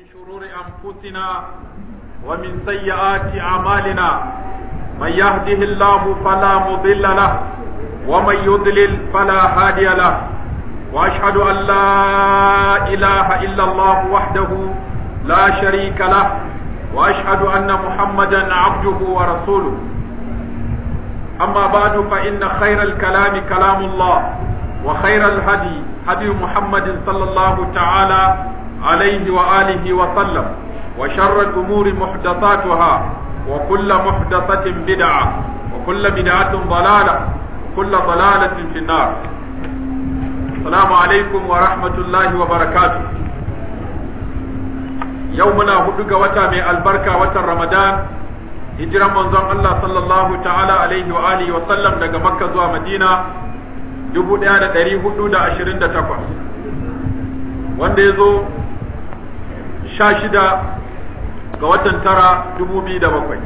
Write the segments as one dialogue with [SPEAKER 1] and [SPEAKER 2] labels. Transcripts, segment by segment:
[SPEAKER 1] من شرور أنفسنا ومن سيئات أعمالنا من يهده الله فلا مضل له ومن يضلل فلا هادي له وأشهد أن لا إله إلا الله وحده لا شريك له وأشهد أن محمدا عبده ورسوله أما بعد فإن خير الكلام كلام الله وخير الهدي هدي محمد صلى الله تعالى عليه وآله وسلم وشر الأمور محدثاتها وكل محدثة بدعة وكل بدعة ضلالة وكل ضلالة في النار السلام عليكم ورحمة الله وبركاته يومنا هدوك وتا من البركة وتا رمضان هجرة منظم الله صلى الله تعالى عليه وآله وسلم لقى مكة زوى مدينة dubu ɗaya da ɗari hudu da ashirin da takwas wanda ya zo sha ga watan tara dubu biyu da bakwai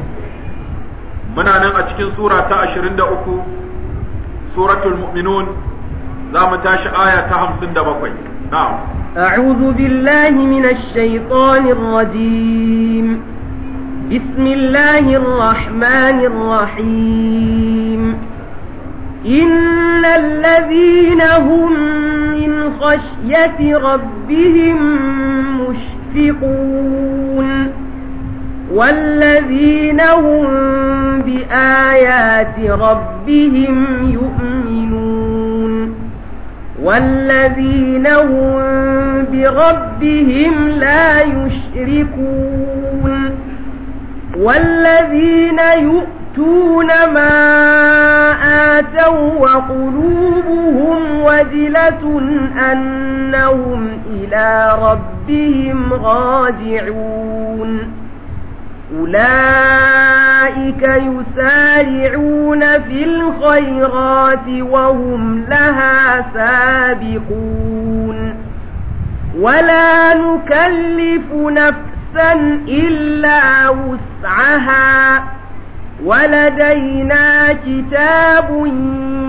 [SPEAKER 1] muna nan a cikin sura ta ashirin da uku suratul mu'minun za mu tashi aya ta hamsin da bakwai na'am
[SPEAKER 2] أعوذ بالله من الشيطان الرجيم بسم الله الرحمن الرحيم إن الذين هم من خشية ربهم يفسقون والذين هم بآيات ربهم يؤمنون والذين هم بربهم لا يشركون والذين يؤمنون يؤتون ما آتوا وقلوبهم وجلة أنهم إلى ربهم راجعون أولئك يسارعون في الخيرات وهم لها سابقون ولا نكلف نفسا إلا وسعها ولدينا كتاب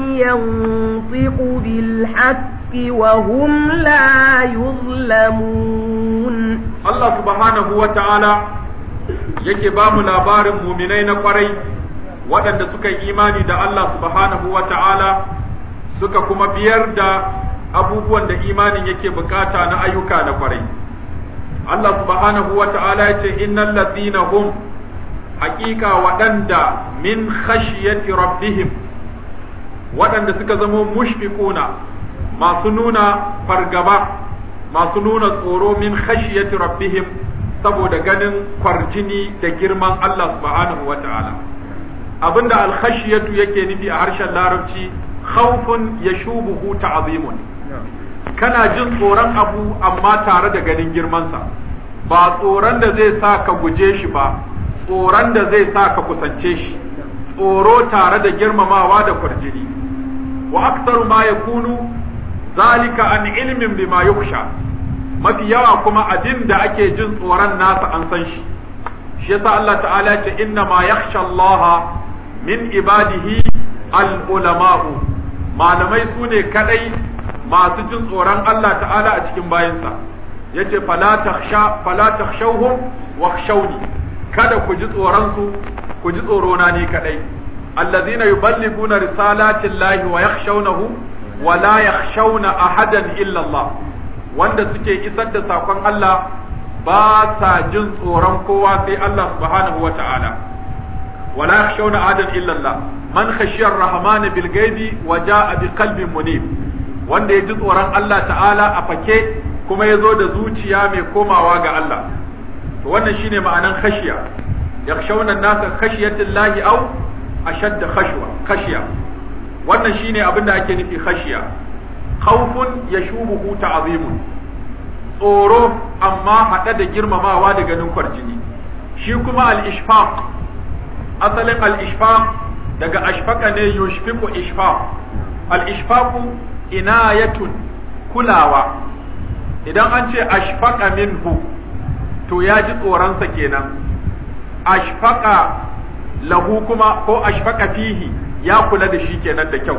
[SPEAKER 2] ينطق بالحق وهم لا يظلمون
[SPEAKER 1] الله سبحانه وتعالى yake ba mu labarin muminai na kwarai waɗanda suka yi imani da Allah subhanahu wa ta'ala suka kuma biyar da abubuwan da imanin yake bukata na ayyuka na kwarai. Allah subhanahu wa ta'ala ya ce, Innan lazina hum hakika waɗanda min khashiyati rabbihim waɗanda suka zamo mushfiquna masu nuna fargaba masu nuna tsoro min khashiyati rabbihim saboda ganin kwarjini da girman Allah subhanahu wata'ala abinda alkhashiyatu yake nufi a harshen larabci khawfun yashubuhu ta'zimun kana jin tsoron abu amma tare da ganin girmansa ba tsoron da zai sa ka guje shi ba tsoron da zai sa ka kusance shi tsoro tare da girmamawa da kwarjini wa aktaru ma zalika an ilmin bima yukhsha mafi yawa kuma abin da ake jin tsoron nasa an san shi shi yasa Allah ta'ala ce inna ma yakhsha Allah min ibadihi al ulama'u malamai su ne kadai masu jin tsoron Allah ta'ala a cikin bayansa yace fala takhsha fala takhshawhum wakhshawni kada ku ji tsoronsu ku ji tsorona ni kadai allazina yuballiguna risalati llahi wa yakhshawnahu wa la yakhshawna ahadan illa Allah wanda suke isar da sakon Allah ba sa jin tsoron kowa sai Allah subhanahu wa ta'ala wa la yakhshawna ahadan illa Allah man khashiya ar-rahman bil ghaibi wa jaa bi qalbin munib wanda ya ji tsoron Allah ta'ala a fake kuma ya zo da zuciya mai komawa ga Allah to wannan shine ma'anan khashiya yakhshawna an-nasa khashiyatillahi aw ashadd khashwa khashiya wannan shine abinda ake nufi khashiya khawfun yashubuhu ta'zimun tsoro amma hada da girmamawa da ganin kwarjini shi kuma al-ishfaq asalin al-ishfaq daga ashfaqa ne yushfiqu ishfaq al-ishfaqu inayatun kulawa idan an ce ashfaqa minhu to ya ji tsoronsa kenan ashfaqa lahu kuma ko ashfaqa fihi ya kula da shi kenan da kyau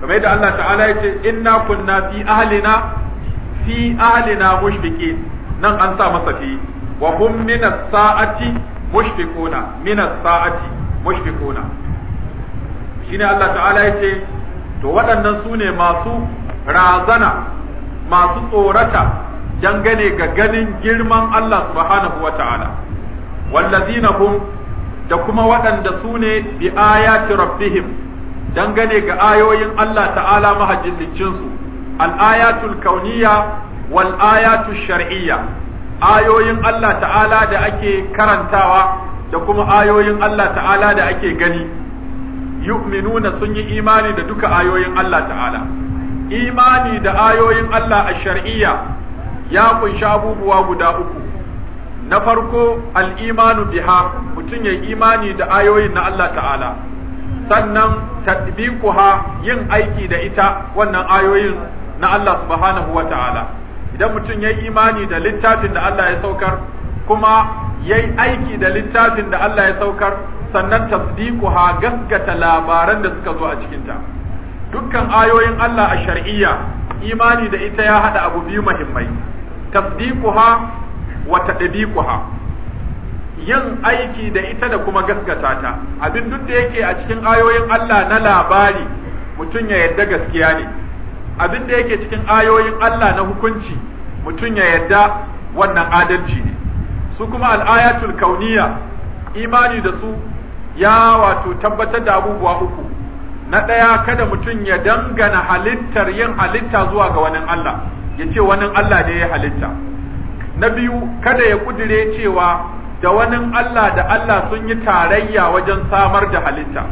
[SPEAKER 1] kamar yadda Allah ta'ala ya ce inna kunna fi ahlina fi ahlina mushfiqin nan an sa masa fi wa hum min saati mushfiquna min saati mushfiquna shine Allah ta'ala ya to waɗannan su ne masu razana masu tsorata dangane ga ganin girman Allah subhanahu wa ta'ala wallazina hum da kuma waɗanda su ne bi ayati rabbihim dangane ga ayoyin Allah ta'ala mahajjinsu al-ayatul kauniyya wal ayatul shar'iyya ayoyin Allah ta'ala da ake karantawa da kuma ayoyin Allah ta'ala da ake gani yu'minuna sun yi imani da duka ayoyin Allah ta'ala imani da ayoyin Allah a shar'iyya ya kunshi abubuwa guda uku na farko al'imanu biha mutum ya imani da ayoyin na Allah ta'ala sannan tadbiquha yin aiki da ita wannan ayoyin na Allah subhanahu wa ta'ala idan mutum ya imani da littafin da Allah ya saukar kuma ya yi aiki da littafin da Allah ya saukar sannan tasdiquha gaskata labaran da suka zo a cikinta dukkan ayoyin Allah a shar'iyya imani da ita ya haɗa abu biyu muhimmai tasdiquha wa tadbiquha yin aiki da ita da kuma gaskata ta abin duk da yake a cikin ayoyin Allah na labari mutum ya yarda gaskiya ne abin da yake cikin ayoyin Allah na hukunci mutum ya yarda wannan adalci ne su kuma al'ayatul kauniya imani da su ya wato tabbatar da abubuwa uku na ɗaya kada mutum ya dangana halittar yin halitta zuwa ga wani Allah ya ce wani Allah ne ya halitta na biyu kada ya kudire cewa da wani Allah da Allah sun yi tarayya wajen samar da halitta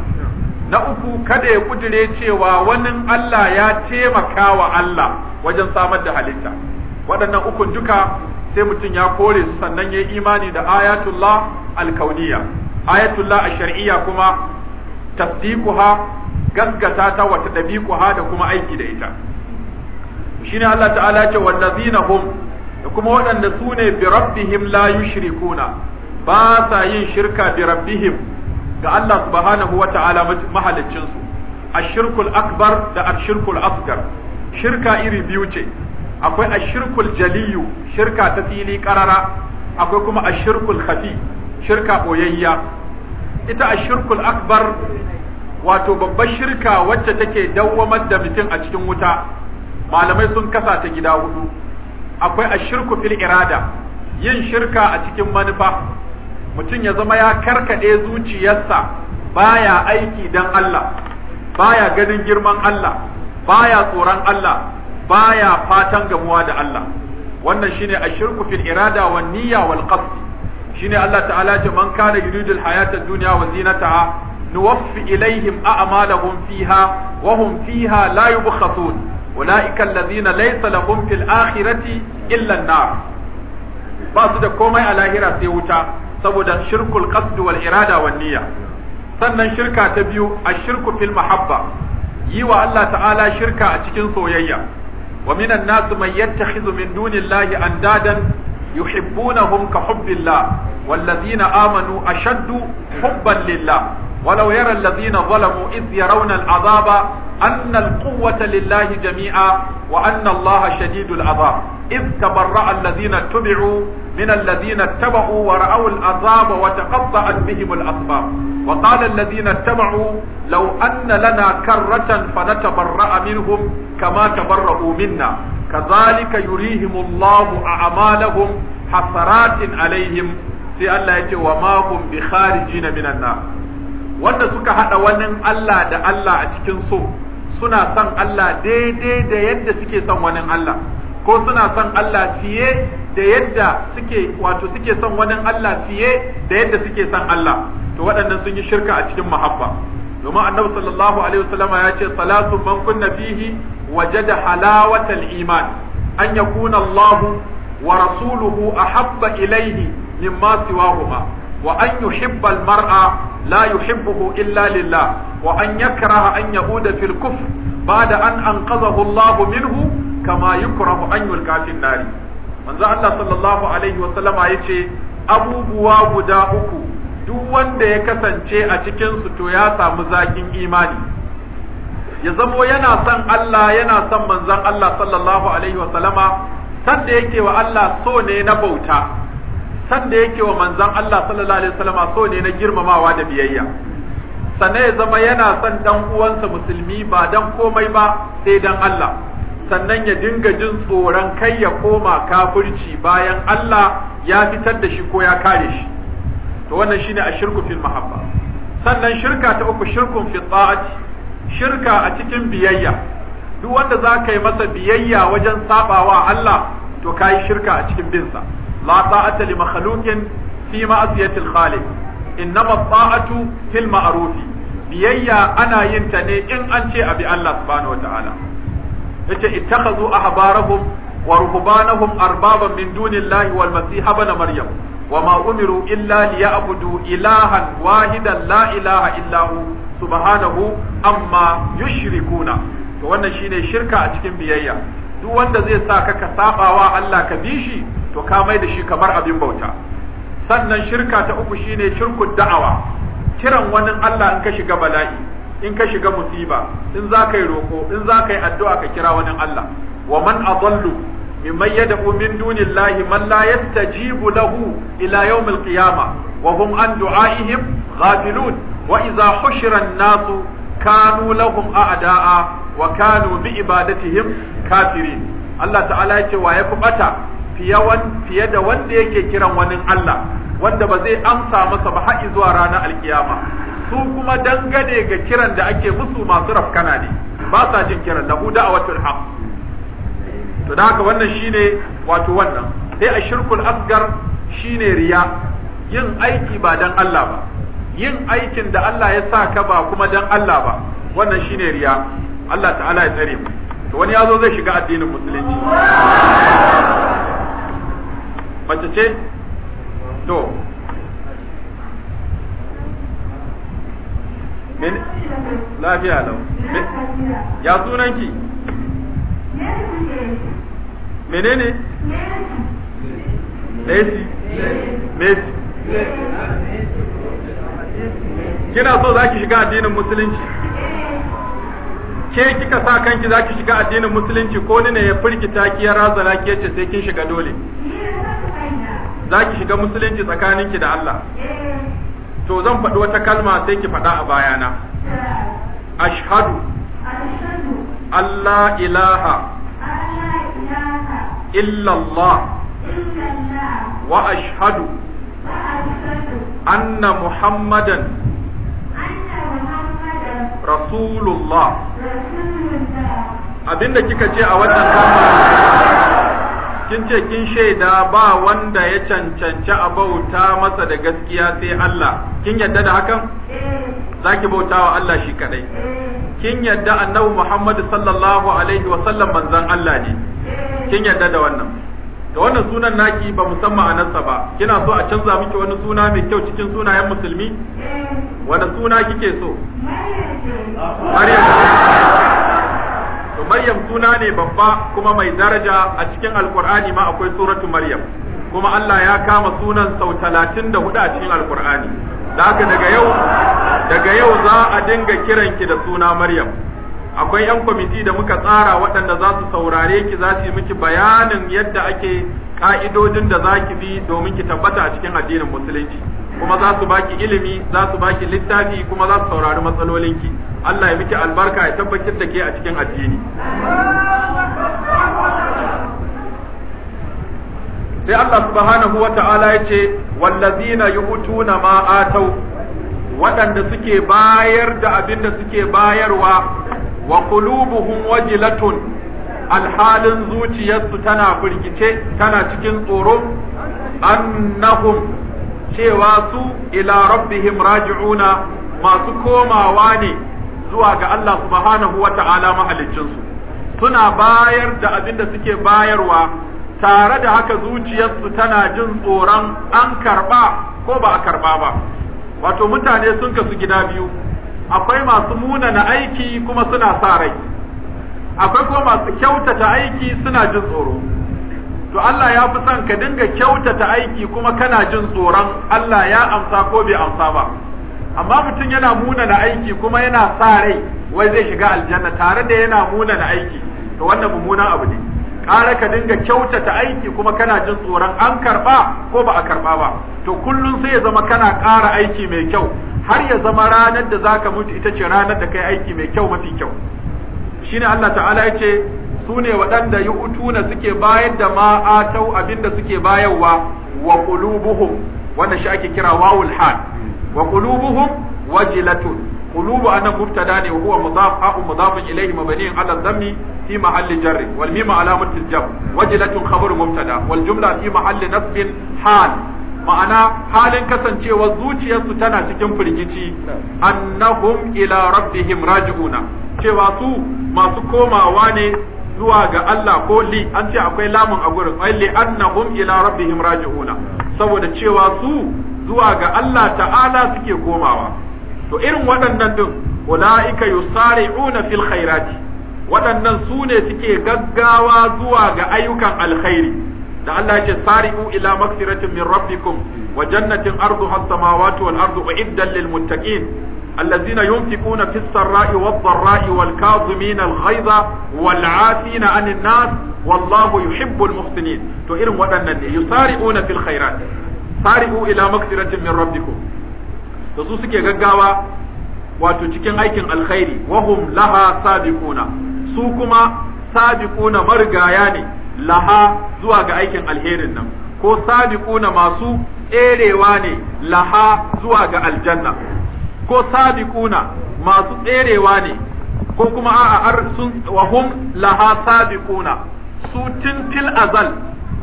[SPEAKER 1] na uku kada ya kudire cewa wani Allah ya taimaka wa Allah wajen samar da halitta waɗannan ukun duka sai mutum ya kore su sannan ya yi imani da ayatullah alkauniya ayatullah a shar'iyya kuma Tasdikuha, gaggata ta wata dabiquha da kuma aiki da ita shine Allah ta'ala ce wallazina hum da kuma waɗanda su ne bi rabbihim la yushrikuna ba sa yin shirka bi rabbihim ga Allah subhanahu wa ta'ala mahaliccin su ashirkul akbar da ashirkul asgar shirka iri biyu ce akwai ashirkul jaliyu shirka ta fili karara akwai kuma ashirkul khafi shirka boyayya ita ashirkul akbar wato babbar shirka wacce take dawwamar da mutum a cikin wuta malamai sun kasa ta gida hudu akwai shirku fil irada yin shirka a cikin manufa mutum ya zama ya karkade zuciyarsa baya aiki dan Allah baya ganin girman Allah baya tsoron Allah baya fatan gamuwa da Allah wannan shine shirku fil irada wa niyya wal qasd shine Allah ta'ala ce man kana yuridul hayata dunya wa zinataha nuwaffi ilaihim a'malahum fiha wa hum fiha la yubkhasun ulaika allazina laysa lahum fil akhirati illan an basu ba su da komai a lahira sai wuta saboda shirkul qasd wal irada wan niyya sannan shirka ta biyu shirku fil mahabba yi wa Allah ta'ala shirka a cikin soyayya wa minan nas man yattakhidhu min dunillahi andadan yuhibbunahum ka hubbillah wallazina amanu ashaddu hubban lillah ولو يرى الذين ظلموا إذ يرون العذاب أن القوة لله جميعا وأن الله شديد العذاب إذ تبرأ الذين اتبعوا من الذين اتبعوا ورأوا العذاب وتقطعت بهم الأسباب وقال الذين اتبعوا لو أن لنا كرة فنتبرأ منهم كما تبرأوا منا كذلك يريهم الله أعمالهم حسرات عليهم سي الله يتي وما هم بخارجين من النار wanda suka haɗa wani Allah da Allah a cikin so suna son Allah daidai da yadda suke son wani Allah ko suna son Allah fiye da yadda suke wato suke son wani Allah fiye da yadda suke son Allah to waɗannan sun yi shirka a cikin mahabba domin annabi sallallahu alaihi wasallama ya ce salatu man kunna fihi wajada halawatal iman an yakuna Allahu wa rasuluhu ahabba ilaihi mimma siwahuma wa an yuhibba mara la yuhibbuhu illa lillah wa an yakraha an yauda fil kufr ba'da an anqadhahu Allah minhu kama yukrahu an yulqa fil nar manzo Allah sallallahu alaihi wa sallama yace abubuwa guda uku duk wanda ya kasance a cikin su to ya samu zakin imani ya zamo yana son Allah yana son manzon Allah sallallahu alaihi wa sallama sanda yake wa Allah so ne na bauta Sanda da yake wa manzon Allah sallallahu alaihi wasallam so ne na girmamawa da biyayya sannan ya zama yana son dan uwansa musulmi ba dan komai ba sai dan Allah sannan ya dinga jin tsoron kai ya koma kafirci bayan Allah ya fitar da shi ko ya kare shi to wannan shine ashirku fil mahabba sannan shirka ta uku shirkun fi shirka a cikin biyayya duk wanda za ka yi masa biyayya wajen sabawa Allah to kai shirka a cikin binsa la ta'ata li makhluqin fi ma'siyati al-khaliq innama ta'atu fil ma'ruf biyayya ana yin ta ne in an ce a bi Allah subhanahu wataala yace ittakhadhu ahbarahum wa ruhbanahum arbaban min dunillahi wal masih ibn maryam وما أمروا إلا ليعبدوا إلها واحدا لا إله إلا illahu subhanahu amma يشركون to wannan shine shirka a cikin biyayya duk wanda zai sa ka ka wa Allah ka bi shi to ka mai da shi kamar abin bauta sannan shirka ta uku shine shirku da'awa kiran wani Allah in ka shiga bala'i in ka shiga musiba in za ka yi roko in za ka yi addu'a ka kira wani Allah wa man adallu mimman yad'u min dunillahi man la yastajibu lahu ila yawmil qiyamah wa hum an du'aihim ghafilun wa idza hushira an-nasu kanu lahum a'da'a wa kanu bi ibadatihim kafirin Allah ta'ala yake wa ya kubata fiye da wanda yake kiran wani Allah wanda ba zai amsa masa ba har zuwa ranar alkiyama su kuma dangane ga kiran da ake musu masu rafkana ne ba sa jin kiran lahu da'watul haq to da haka wannan shine wato wannan sai a shirkul asgar shine riya yin aiki ba dan Allah ba yin aikin da Allah ya sa ka ba kuma dan Allah ba wannan shine riya Allah ta'ala ya tsare mu to wani yazo zai shiga addinin musulunci mace ce to men lafiya lau ya sunan ki menene Messi Messi
[SPEAKER 3] kina so za ki
[SPEAKER 1] shiga addinin musulunci ke kika sa kanki zaki shiga addinin musulunci ko ne ya firgita ki ya razana ki yace sai kin shiga dole zaki shiga musulunci tsakaninki da Allah to zan faɗi wata kalma sai ki faɗa a bayana ashhadu Allah ilaha illallah
[SPEAKER 3] wa ashhadu anna
[SPEAKER 1] muhammadan rasulullah
[SPEAKER 3] abinda kika ce a wannan kama
[SPEAKER 1] kin ce kin shaida ba wanda ya cancanci a bauta masa da gaskiya sai Allah kin yadda da hakan eh. zaki bauta wa Allah shi kadai eh. kin yadda annabi Muhammad sallallahu alaihi wa sallam manzon Allah ne eh. kin yadda da wannan da wannan sunan naki ba musamman anansa ba kina so a canza miki wani suna mai kyau cikin sunayen musulmi wani suna kike so
[SPEAKER 3] maryam to maryam suna
[SPEAKER 1] ne babba kuma mai daraja a cikin alkur'ani ma akwai suratu maryam kuma Allah ya kama sunan sau talatin da hudu a cikin alkur'ani da haka daga yau daga yau za a dinga kiranki da suna maryam akwai yan kwamiti da muka tsara waɗanda za su saurare ki za su yi miki bayanin yadda ake ka'idodin da za ki bi domin ki tabbata a cikin addinin musulunci kuma za su baki ilimi za su baki littafi kuma za su saurari matsalolinki Allah ya miki albarka ya tabbatar da ke a cikin addini sai Allah subhanahu wa ta'ala ya ce wallazina yu'tuna ma atau waɗanda suke bayar da abin da suke bayarwa wa qulubuhum wajilatun alhalin zuciyarsu tana firgice tana cikin tsoro annahum cewa su ila rabbihim raji'una masu komawa ne zuwa ga Allah subhanahu wa ta'ala mahaliccinsu suna bayar da abin da suke bayarwa tare da haka zuciyarsu tana jin tsoron an karba ko ba a karba ba wato mutane sun kasu gida biyu akwai masu munana aiki kuma suna sa rai akwai kuma masu kyautata aiki suna jin tsoro to Allah ya fi son ka dinga kyautata aiki kuma kana jin tsoron Allah ya amsa ko bai amsa ba amma mutum yana munana aiki kuma yana sa rai wai zai shiga aljanna tare da yana munana aiki to wannan mummunan abu ne ƙara ka dinga kyautata aiki kuma kana jin tsoron an karɓa ko ba a karɓa ba to kullum sai ya zama kana ƙara aiki mai kyau har ya zama ranar da zaka mutu ita ce ranar da kai aiki mai kyau mafi kyau shine Allah ta'ala ya ce su ne waɗanda yu'tuna suke bayar da ma'atau abinda suke bayarwa wa qulubuhum wanda shi ake kira wawul hal wa qulubuhum wajilatun قلوب أنا مبتدا وهو مضاف أو مضاف إليه مبني على الضم في محل جر والميم علامة الجر وجلة خبر مبتدا والجملة في محل نصب حال ma'ana halin kasancewar zuciyarsu tana cikin firgici annahum ila rabbihim raji'una cewa su masu komawa ne zuwa ga Allah ko li an ce akwai lamun a gurin ai li annahum ila rabbihim raji'una saboda cewa su zuwa ga Allah ta'ala suke komawa to irin waɗannan din ulaika yusari'una fil khairati waɗannan su ne suke gaggawa zuwa ga ayyukan alkhairi da Allah ce sari'u ila maghfiratin min rabbikum wa jannatin arduha as-samawati wal ardu uiddat lil muttaqin الذين ينفقون في السراء والضراء والكاظمين الغيظ والعافين عن الناس والله يحب المحسنين تو irin waɗannan ne yusari'una fil khairat sari'u ila maghfiratin min da su suke gaggawa wato cikin aikin alkhairi wahum laha sabiquna su kuma sabiquna marigaya ne laha zuwa ga aikin alherin nan ko sabiquna masu tserewa ne laha zuwa ga aljanna ko sabiquna masu tserewa ne ko kuma a'a sun wahum laha sabiquna su tintil azal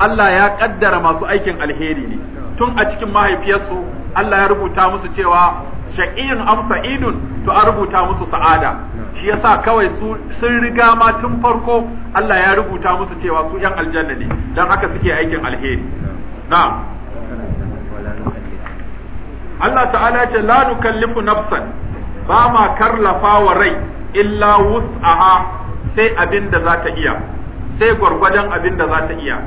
[SPEAKER 1] Allah ya kaddara masu aikin alheri ne tun a cikin mahaifiyarsu Allah ya rubuta musu cewa shaqiyun am sa'idun to an rubuta musu sa'ada shi yasa kawai su sun riga ma tun farko Allah ya rubuta musu cewa su yan aljanna ne dan haka suke aikin alheri na'am Allah ta'ala ce la nukallifu nafsan ba ma karlafa wa rai illa wus'aha sai abinda da za ta iya sai gwargwadon abin da za ta iya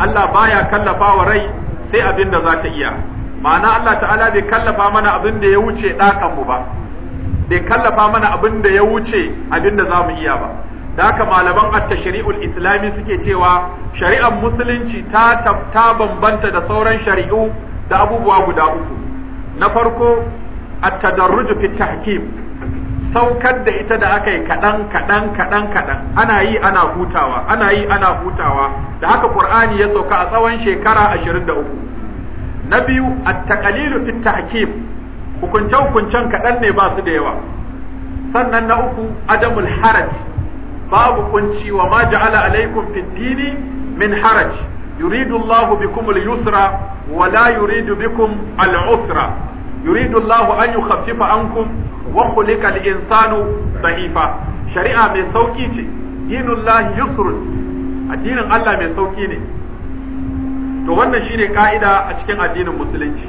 [SPEAKER 1] Allah baya kallafa wa rai sai abin da za ta iya ma'ana Allah ta'ala bai kallafa mana abin da ya wuce mu ba bai kallafa mana abin da ya wuce abin da za mu iya ba da haka malaman attashariul tashriul islami suke cewa shari'ar musulunci ta ta bambanta da sauran shari'u da abubuwa guda uku na farko at-tadarruj fi tahkim saukar da ita da aka yi kaɗan kaɗan kaɗan kaɗan ana yi ana hutawa ana yi ana hutawa da haka qur'ani ya sauka a tsawon shekara ashirin uku. na biyu a taqlilu fi tahkim hukunce hukuncen kaɗan ne ba su da yawa sannan na uku adamul haraj babu kunci wa ma ja'ala alaikum fid dini min haraj Yuridullahu Allahu bikum al-yusra wala yuridu bikum al-usra yuridu Allahu kaffifa yukhaffifa wa khuliqal insanu da'ifa shari'a mai sauki ce dinullahi yusru addinin Allah mai sauki ne to wannan shine ka'ida a cikin addinin musulunci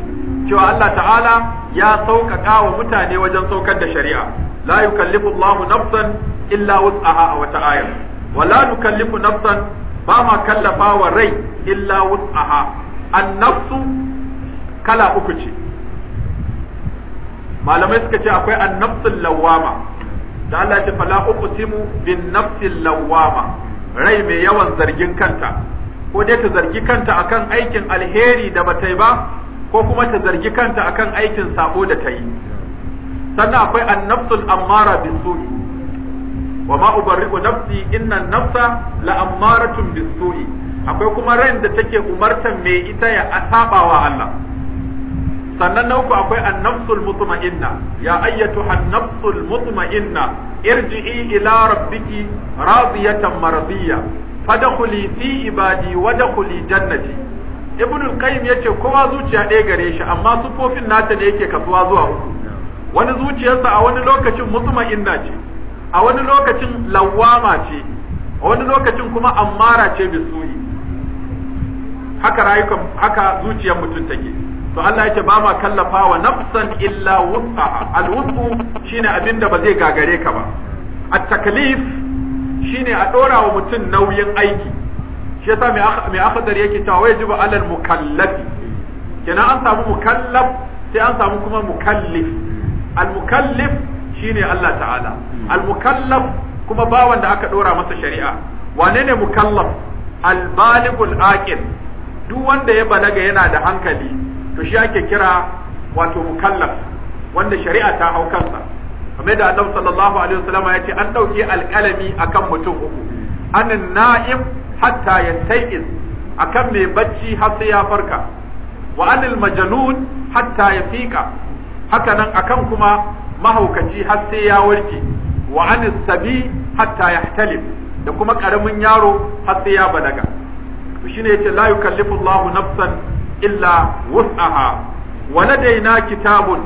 [SPEAKER 1] cewa Allah ta'ala ya sauƙaƙa wa mutane wajen saukar da shari'a la yukallifu Allahu nafsan illa wus'aha a wata ayar wa la nukallifu nafsan ba ma kallafa wa rai illa wus'aha an-nafsu kala uku ce malamai suka ce akwai annafsul lawama da Allah ya ce fala uqsimu bin nafsil lawama rai mai yawan zargin kanta ko dai ta zargi kanta akan aikin alheri da bata yi ba ko kuma ta zargi kanta akan aikin sabo da ta yi sannan akwai annafsul ammara bisu'i wa ma ubarri'u nafsi inna nafsa ammaratun bisu'i akwai kuma ran da take umartan mai ita ya asabawa Allah sannan na uku akwai annafsul mutma'inna ya ayyatu annafsul mutma'inna irji'i ila rabbiki radiyatan maradiyya fadkhuli fi ibadi wadkhuli jannati ibnu al-qayyim yace kowa zuciya ɗaya gare shi amma sufofin nata ne yake kasuwa zuwa uku wani zuciyarsa a wani lokacin mutma'inna ce a wani lokacin lawama ce a wani lokacin kuma ammara ce bisuyi haka rayukan haka zuciyar mutum take to Allah yake ba ma kallafa wa nafsan illa wus'aha al shine abin da ba zai gagare ka ba at-taklif shine a dora wa mutum nauyin aiki shi yasa mai akhdar yake cewa wajibu alal mukallaf kenan an samu mukallaf sai an samu kuma mukallif al-mukallif shine Allah ta'ala al-mukallaf kuma bawan da aka dora masa shari'a wane ne mukallaf al-baligul aqil duk wanda ya balaga yana da hankali to shi ake kira wato mukallaf wanda shari'a ta hau kansa kamar da annabi sallallahu alaihi wasallam ya ce an dauke alƙalami akan mutum uku anan na'im hatta yastayqiz akan mai bacci har sai ya farka wa anil majnun hatta fika haka nan akan kuma mahaukaci har sai ya warke wa anis sabi hatta yahtalim da kuma karamin yaro har sai ya balaga to shine yace la yukallifu nafsan illa wus'aha wa ladaina kitabun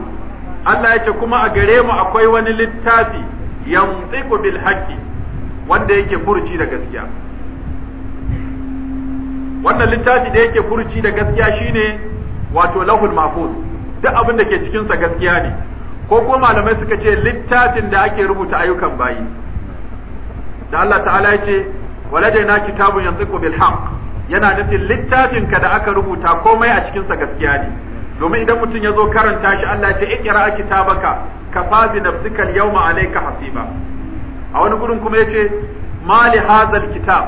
[SPEAKER 1] Allah yace kuma a gare mu akwai wani littafi yantiqu bil haqqi wanda yake furci da gaskiya wannan littafi da yake furci da gaskiya shine wato lahul mahfuz duk abin da ke cikin sa gaskiya ne ko kuma malamai suka ce littafin da ake rubuta ayyukan bayi da Allah ta'ala ya ce waladaina kitabun yantiqu bil yana nufin littafinka da aka rubuta komai a cikinsa gaskiya ne domin idan mutum ya zo karanta shi Allah ce ikira kitabaka ka bi nafsika yawma alayka hasiba a wani gurin kuma yace ma hadha kitab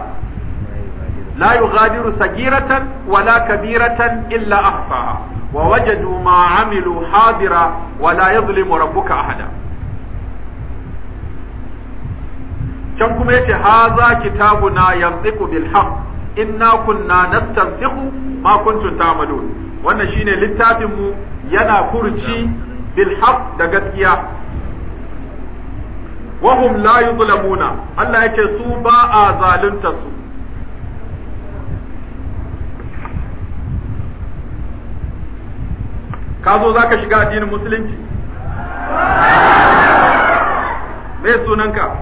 [SPEAKER 1] la yughadiru sagiratan wala kabiratan illa ahsaha wa wajadu ma amilu hadira wala yadhlimu rabbuka ahada can kuma yace haza kitabuna yantiqu bil haqq inna kunna nastansihu ma kuntum ta'malun wannan shine littafin mu yana furci bil haqq da gaskiya wa hum la yuzlamuna Allah yake su ba a zalunta su ka zo zaka shiga addinin musulunci me sunanka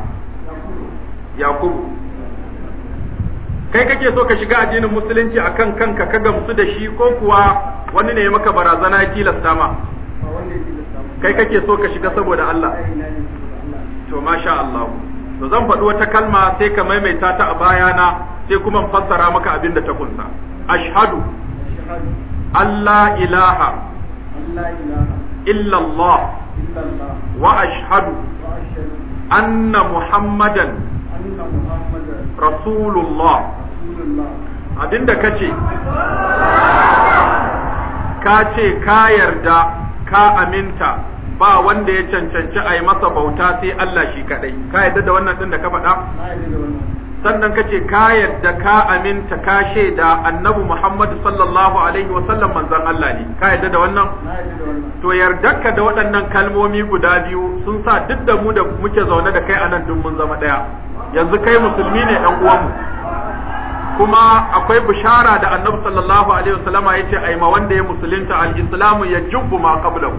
[SPEAKER 1] yakubu kai kake so ka shiga addinin musulunci akan kanka ka gamsu da shi ko kuwa wani ne ya maka barazana ya tilasta ma kai kake so ka shiga saboda Allah to masha Allah to zan faɗi wata kalma sai ka maimaita ta a bayana sai kuma fassara maka abin da ta kunsa ashhadu Allah ilaha illallah wa ashhadu anna muhammadan rasulullah abinda ka ce ka ce ka yarda ka aminta ba wanda ya cancanci a yi masa bauta sai Allah shi kadai ka yarda da wannan din da ka faɗa sannan ka ce ka yarda ka aminta ka shaida annabi Muhammadu sallallahu alaihi wa sallam manzon Allah ne ka yarda da wannan to yardarka da waɗannan kalmomi guda biyu sun sa duk da mu da muke zaune da kai a nan duk mun zama ɗaya yanzu kai musulmi ne ɗan uwanmu kuma akwai bishara da annabi sallallahu alaihi wasallama yace ai ma wanda ya musulunta al ya jubbu ma qablahu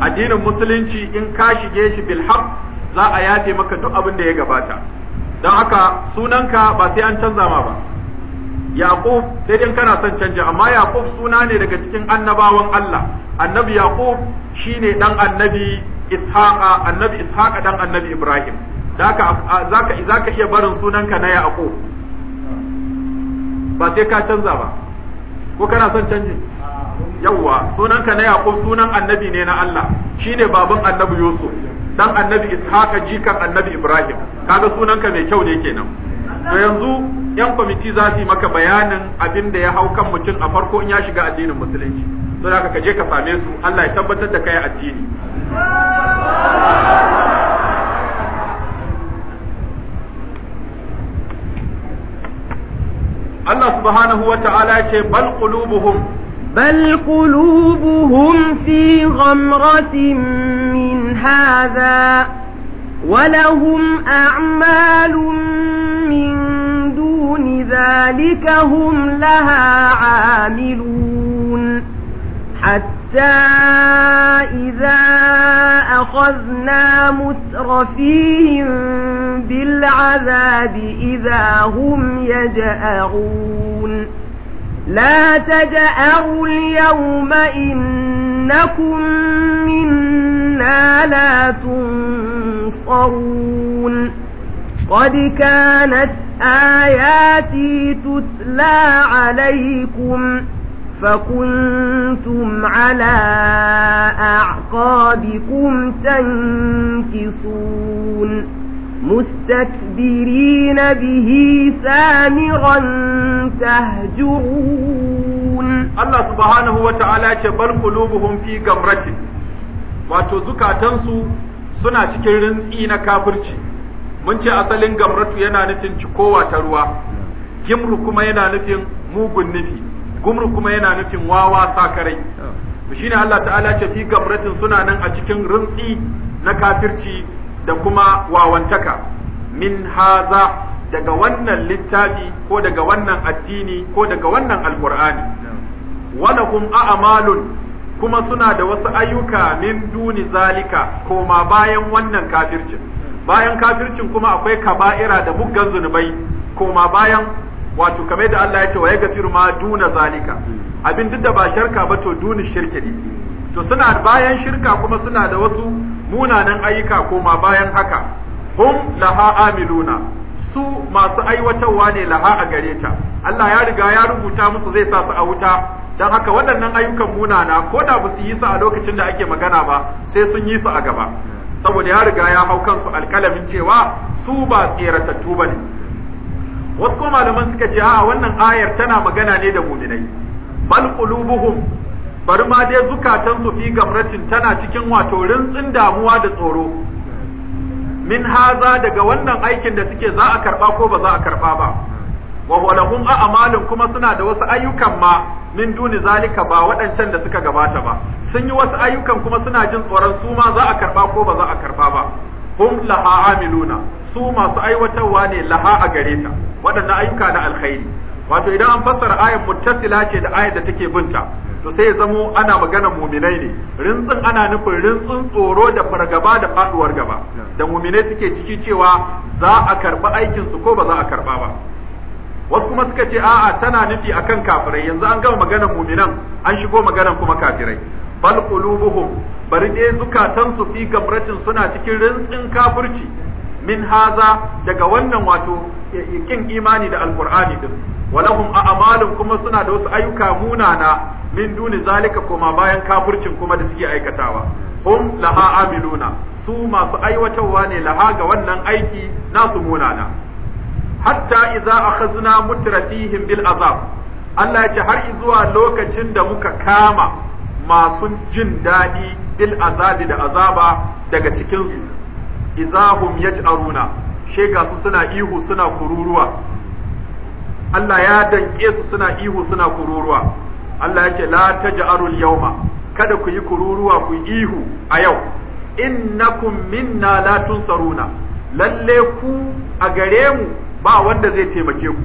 [SPEAKER 1] addinin musulunci in ka shige shi bil haq za a yafe maka duk abin da ya gabata don haka sunanka ba sai an canza ma ba yaqub sai dai kana son canja amma yaqub suna ne daga cikin annabawan Allah annabi yaqub shine dan annabi ishaqa annabi ishaqa dan annabi ibrahim zaka zaka iya barin sunanka na yaqub ba sai ka canza ba ko kana son canji yawwa sunanka na yaqub sunan annabi ne na Allah shine baban annabi yusuf dan annabi ishaqa jikan annabi ibrahim kaga sunanka mai kyau ne kenan to yanzu yan kwamiti za su yi maka bayanin abin da ya hau kan mutum a farko in ya shiga addinin musulunci saboda haka ka je ka same su Allah ya tabbatar da kai addini Allah subhanahu wa ta'ala ce bal qulubuhum
[SPEAKER 2] بل قلوبهم في غمرة من هذا ولهم أعمال من دون ذلك هم لها عاملون حتى إذا أخذنا مترفيهم بالعذاب إذا هم يجأرون لا تجأروا اليوم إنكم منا لا تنصرون قد كانت آياتي تتلى عليكم فكنتم على أعقابكم تنكصون مستكبرين به سامرا تهجرون
[SPEAKER 1] الله سبحانه وتعالى بل قلوبهم في غمرة wato zukatansu suna cikin rintsi na kafirci mun ce asalin gamratu yana nufin cikowa ta ruwa gimru kuma yana nufin mugun nufi gumru kuma yana nufin wawa sakarai oh. shine Allah ta'ala ce fi gabratin suna nan a cikin rintsi na kafirci da kuma wawantaka min haza daga wannan littafi ko daga wannan addini ko daga wannan alqur'ani oh. walakum a'malun kuma suna da wasu ayyuka min duni zalika koma bayan wannan kafircin oh. bayan kafircin kuma akwai kaba'ira da muggan zunubai koma bayan wato kamar da Allah ya ce wa yaghfiru ma duna zalika abin duk da ba sharka ba to duni shirki ne to suna bayan shirka kuma suna da wasu munanan ayyuka ko ma bayan haka hum laha amiluna su masu aiwatarwa ne laha a gare ta Allah ya riga ya rubuta musu zai sa su a wuta dan haka waɗannan ayyukan munana ko da ba su yi su a lokacin da ake magana ba sai sun yi su a gaba saboda ya riga ya hau kansu alƙalamin cewa su ba tseratattu ba ne wasu ko malaman suka ce a'a wannan ayar tana magana ne da mu'minai bal qulubuhum bari ma dai zukatan su fi gamratin tana cikin wato rintsin damuwa da tsoro min haza daga wannan aikin da suke za a karba ko ba za a karba ba wa a'a a'malun kuma suna da wasu ayyukan ma min duni zalika ba waɗancan da suka gabata ba sun yi wasu ayyukan kuma suna jin tsoron su ma za a karba ko ba za a karba ba hum laha amiluna su masu aiwatarwa ne laha a gare ta waɗannan ayyuka na alkhairi wato idan an fassara ayat muttasila ce da ayat da take binta to sai ya zamo ana magana muminai ne rintsin ana nufin rintsin tsoro da fargaba da faduwar gaba da muminai suke ciki cewa za a karba aikin ko ba za a karɓa ba wasu kuma suka ce a'a tana nufi akan kafirai yanzu an gama maganar muminan an shigo maganar kuma kafirai bal qulubuhum bari dai zukatansu su fi gamratin suna cikin rintsin kafirci min haza daga wannan wato kin imani da alqur'ani din walahum a'malun kuma suna da wasu ayyuka munana min duni zalika kuma bayan kafircin kuma da suke aikatawa hum laha amiluna su masu aiwatarwa ne laha ga wannan aiki nasu munana hatta idza akhazna mutrafihim bil azab Allah ya ce har zuwa lokacin da muka kama masu jin daɗi bil azabi da azaba daga cikinsu izahum yaj'aruna she ga su suna ihu suna kururuwa Allah ya danke su suna ihu suna kururuwa Allah yake la taj'arul yawma kada ku yi kururuwa ku ihu a yau innakum minna la tunsaruna lalle ku a gare mu ba wanda zai taimake ku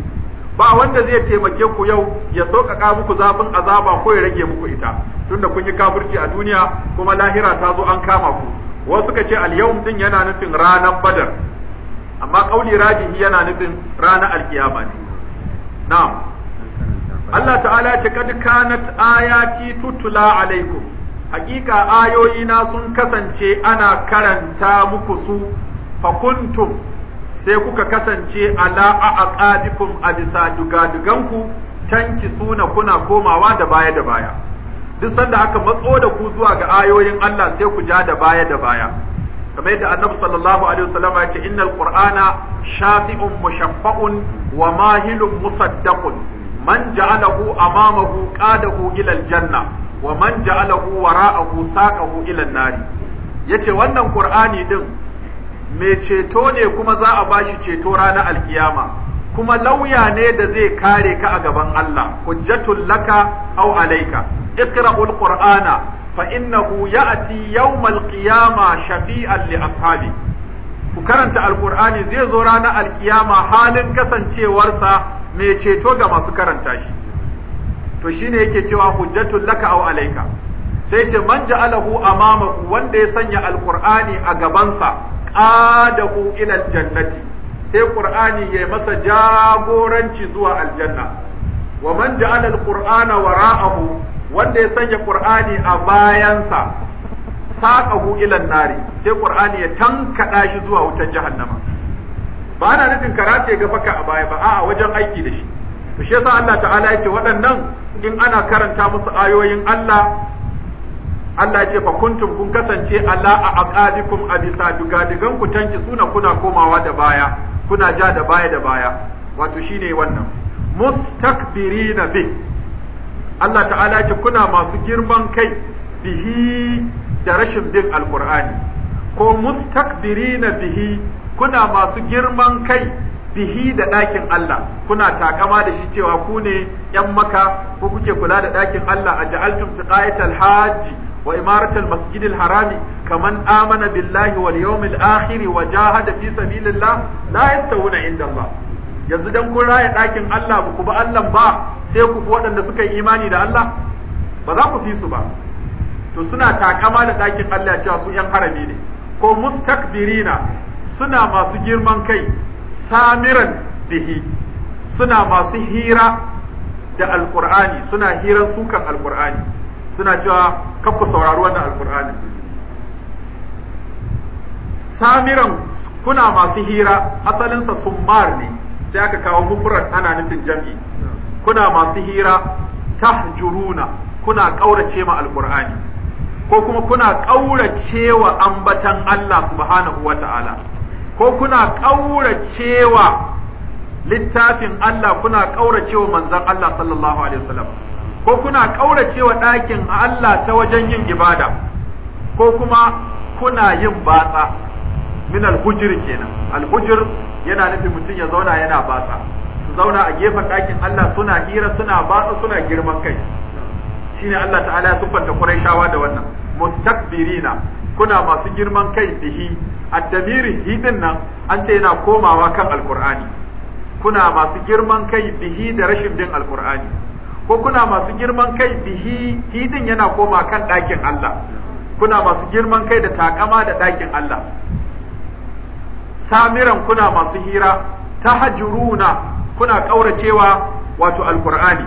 [SPEAKER 1] ba wanda zai taimake ku yau ya sauƙaƙa muku zafin azaba ko ya rage muku ita tunda kun yi kafirci a duniya kuma lahira ta zo an kama ku wasu ka ce al-yawm din yana nufin ranar badar amma kauli rajihi yana nufin ranar alkiyama ne na'am Allah ta'ala ya ce kad kanat ayati tutula alaikum hakika ayoyina sun kasance ana karanta muku su fa fakuntum sai kuka kasance ala aqadikum a bisa dugaduganku tanki suna kuna komawa da baya da baya duk sanda aka matso da ku zuwa ga ayoyin Allah sai ku ja da baya da baya kamar yadda annabi sallallahu alaihi wasallam ya ce innal qur'ana shafi'un mushaffa'un wa mahilun musaddaqun man ja'alahu amamahu qadahu ila janna wa man ja'alahu wara'ahu saqahu ila nar yace wannan qur'ani din mai ceto ne kuma za a bashi ceto ranar alkiyama kuma lauya ne da zai kare ka a gaban Allah hujjatul laka aw alayka اقرأوا القرآن فإنه يأتي يوم القيامة شفيعا لأصحابه ku karanta alkur'ani zai zo ranar alkiyama halin kasancewarsa mai ceto ga masu karanta shi to shine yake cewa hujjatul laka aw alayka sai ce man ja'alahu amama wanda ya sanya alkur'ani a gabansa qadahu ila aljannati sai qur'ani yayi masa jagoranci zuwa aljanna wa man ja'ala alqur'ana wara'ahu wanda ya sanya qur'ani a bayansa hu ila nari sai qur'ani ya tankada shi zuwa wutar jahannama ba ana nufin karate ga baka a baya ba a'a wajen aiki da shi to shi yasa Allah ta'ala yace waɗannan in ana karanta musu ayoyin Allah Allah ce fa kuntum kun kasance ala a aqabikum a bisa dugadigan ku tanki suna kuna komawa da baya kuna ja da baya da baya wato shine wannan mustakbirina bih Allah ta'ala ce kuna masu girman kai bihi da rashin bin alkur'ani ko mustakbiri na bihi kuna masu girman kai bihi da ɗakin Allah kuna takama da shi cewa ku ne ‘yan maka ko kuke kula da ɗakin Allah a ja'altum tiqayatal hajji wa imaratal masjidil harami kaman amana billahi wal yawmil akhiri wa jahada fi sabilillah la yastawuna inda Allah yanzu dan kun raya ɗakin Allah ba ku ba Allah ba sai ku fi waɗanda suka yi imani da Allah ba za ku fi su ba to suna takama da ɗakin Allah cewa su ‘yan harami ne ko mustakbirina suna masu girman kai samiran bihi suna masu hira da alkur'ani suna hiran sukan alkur'ani suna cewa kafa ku saurari wannan alkur'ani samiran kuna masu hira asalinsa summar ne sai aka kawo mufrad ana nufin jam'i kuna masu hira tahjuruna kuna kaurace ma alqur'ani ko kuma kuna kaurace wa ambatan Allah subhanahu wata'ala ko kuna kaurace wa littafin Allah kuna kaurace wa manzon Allah sallallahu alaihi wasallam ko kuna kaurace wa ɗakin Allah ta wajen yin ibada ko kuma kuna yin batsa min alhujr kenan alhujr yana nufi mutum ya zauna yana batsa su zauna a gefen ɗakin Allah suna hira suna batsa suna girman kai shine Allah ta'ala ya siffanta Quraishawa da wannan mustakbirina kuna masu girman kai bihi addamiri hidin nan an ce yana komawa kan alqur'ani kuna masu girman kai bihi da rashin bin alqur'ani ko kuna masu girman kai bihi hidin yana koma kan ɗakin Allah kuna masu girman kai da takama da ɗakin Allah samiran kuna masu hira ta hajiruna kuna ƙauracewa wato alkur'ani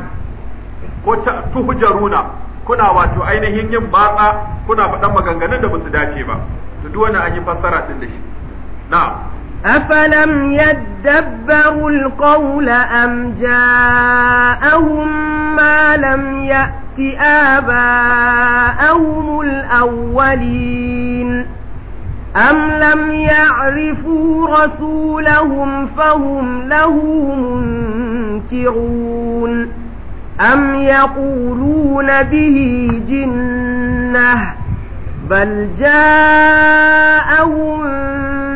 [SPEAKER 1] ko tuhjaruna kuna wato ainihin yin batsa kuna faɗan maganganun da basu dace ba to duk wannan an yi fassara din da shi na'am
[SPEAKER 2] afalam yadabbaru القول am ja'ahum ma lam ya'ti aba'ahum alawwalin أَمْ لَمْ يَعْرِفُوا رَسُولَهُمْ فَهُمْ لَهُ مُنكِرُونَ أَمْ يَقُولُونَ بِهِ جِنَّةٌ بَلْ جَاءَهُم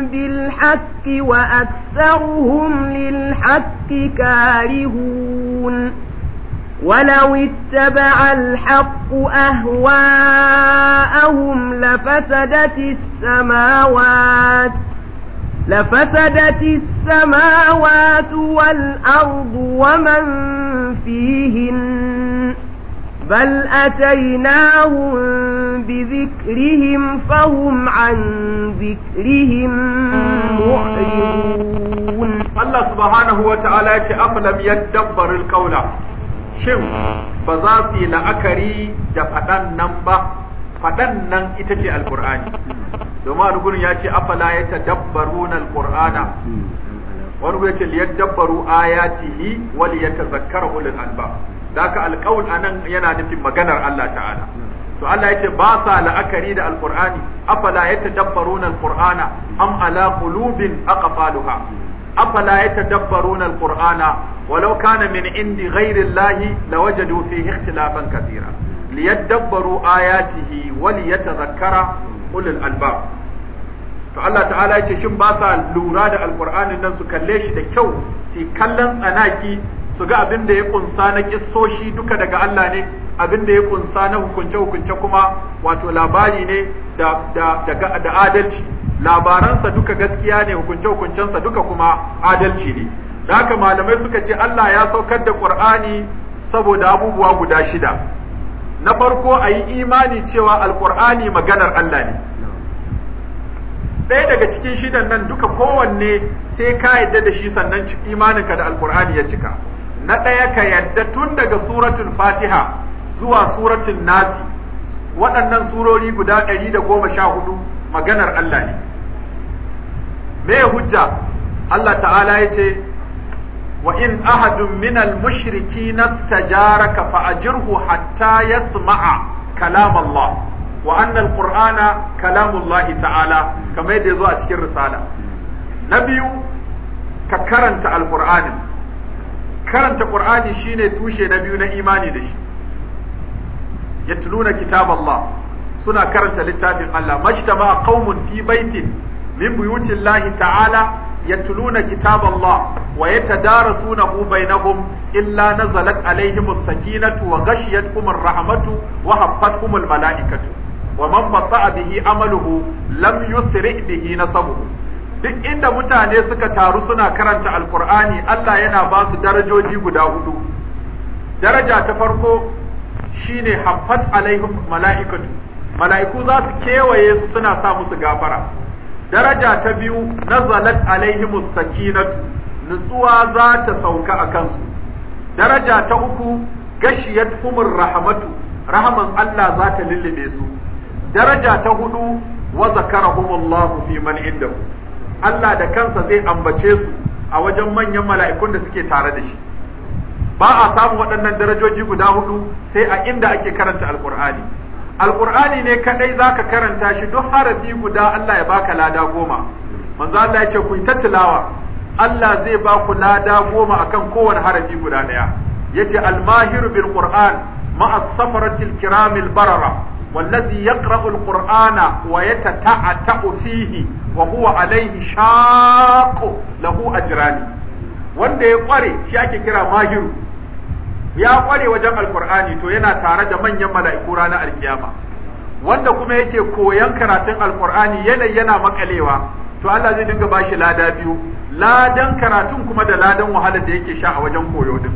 [SPEAKER 2] بِالْحَقِّ وَأَكْثَرُهُمْ لِلْحَقِّ كَارِهُونَ ولو اتبع الحق أهواءهم لفسدت السماوات لفسدت السماوات والأرض ومن فيهن بل أتيناهم بذكرهم فهم عن ذكرهم
[SPEAKER 1] معرضون الله سبحانه وتعالى أفلم يدبر القول shin ba za su yi la'akari da faɗan nan ba faɗan nan ita ce alƙur'ani domin alƙurin ya ce afala ya tadabbaru na alƙur'ana wani ya ce liyar dabbaru ayatihi wali ya tazakkar ulin alba da haka alƙawun a nan yana nufin maganar Allah ta'ala to Allah ya ce ba sa la'akari da alƙur'ani afala ya tadabbaru na alƙur'ana am ala qulubin aqfaluha afala ya tadabbaru na alƙur'ana ولو كان من عند غير الله لوجدوا فيه اختلافا كثيرا ليدبروا آياته وليتذكر أولي الألباب to Allah ta'ala ya ce shin ba sa lura da alkur'ani nan su kalle shi da kyau su kallon tsanaki su ga abin da ya kunsa na kissoshi duka daga Allah ne abin da ya kunsa na hukunce hukunce kuma wato labari ne da da da, da adalci labaransa duka gaskiya ne hukunce hukuncensa duka kuma adalci ne da haka malamai suka ce Allah ya saukar da Qur'ani saboda abubuwa guda shida na farko a yi imani cewa alkur'ani maganar Allah ne ɗaya daga cikin shidan nan duka kowanne sai ka yadda da shi sannan imaninka da alƙur'ani ya cika na ɗaya ka yadda tun daga suratul fatiha zuwa suratul nasi waɗannan surori guda ɗari da goma sha hudu maganar Allah ne me hujja Allah ta'ala ya ce وإن أحد من المشركين استجارك فأجره حتى يسمع كلام الله وأن القرآن كلام الله تعالى كما يدزو أتكي الرسالة نبي ككرنت القرآن كرنت القرآن شيني توشي نبينا إيماني دشي يتلون كتاب الله سنة كرنت للتابق الله ما اجتمع قوم في بيت من بيوت الله تعالى yatluna kitaballah wa yatadarasunahu bainahum illa nazalat alaihimu sakinatu wa umar rahmatu wa haffatkumul malaikatu wa man batta'a bihi amaluhu lam yusri bihi nasabuhu duk inda mutane suka taru suna karanta alqur'ani Allah yana ba su darajoji guda hudu daraja ta farko shine haffat alaihim malaikatu mala'iku za su kewaye suna sa musu gafara daraja ta biyu nazalat alaihimus sakinat nutsuwa za ta sauka a kansu daraja ta uku gashiyat humur rahmatu rahaman Allah za ta lullube su daraja ta hudu wa zakarahumullahu fi man indahu Allah da kansa zai ambace su a wajen manyan mala'ikun da suke tare da shi ba a samu waɗannan darajoji guda hudu sai a inda ake karanta alkur'ani Alƙur'ani ne kadai zaka karanta shi duk harafi guda Allah ya baka lada goma manzo Allah ya ce ku ta tilawa Allah zai ba ku lada goma akan kowane harafi guda ɗaya yace almahir bil qur'an ma'a safaratil kiramil barara والذي يقرأ القرآن ويتتعتع فيه وهو عليه شاق له أجران wanda ya ƙware shi ake kira mahiru ya kware wajen alkur'ani to yana tare da manyan mala'iku ranar alkiyama wanda kuma yake koyan karatun alkur'ani yanayi yana makalewa to Allah zai dinga bashi lada biyu ladan karatun kuma da ladan wahala da yake sha a wajen koyo din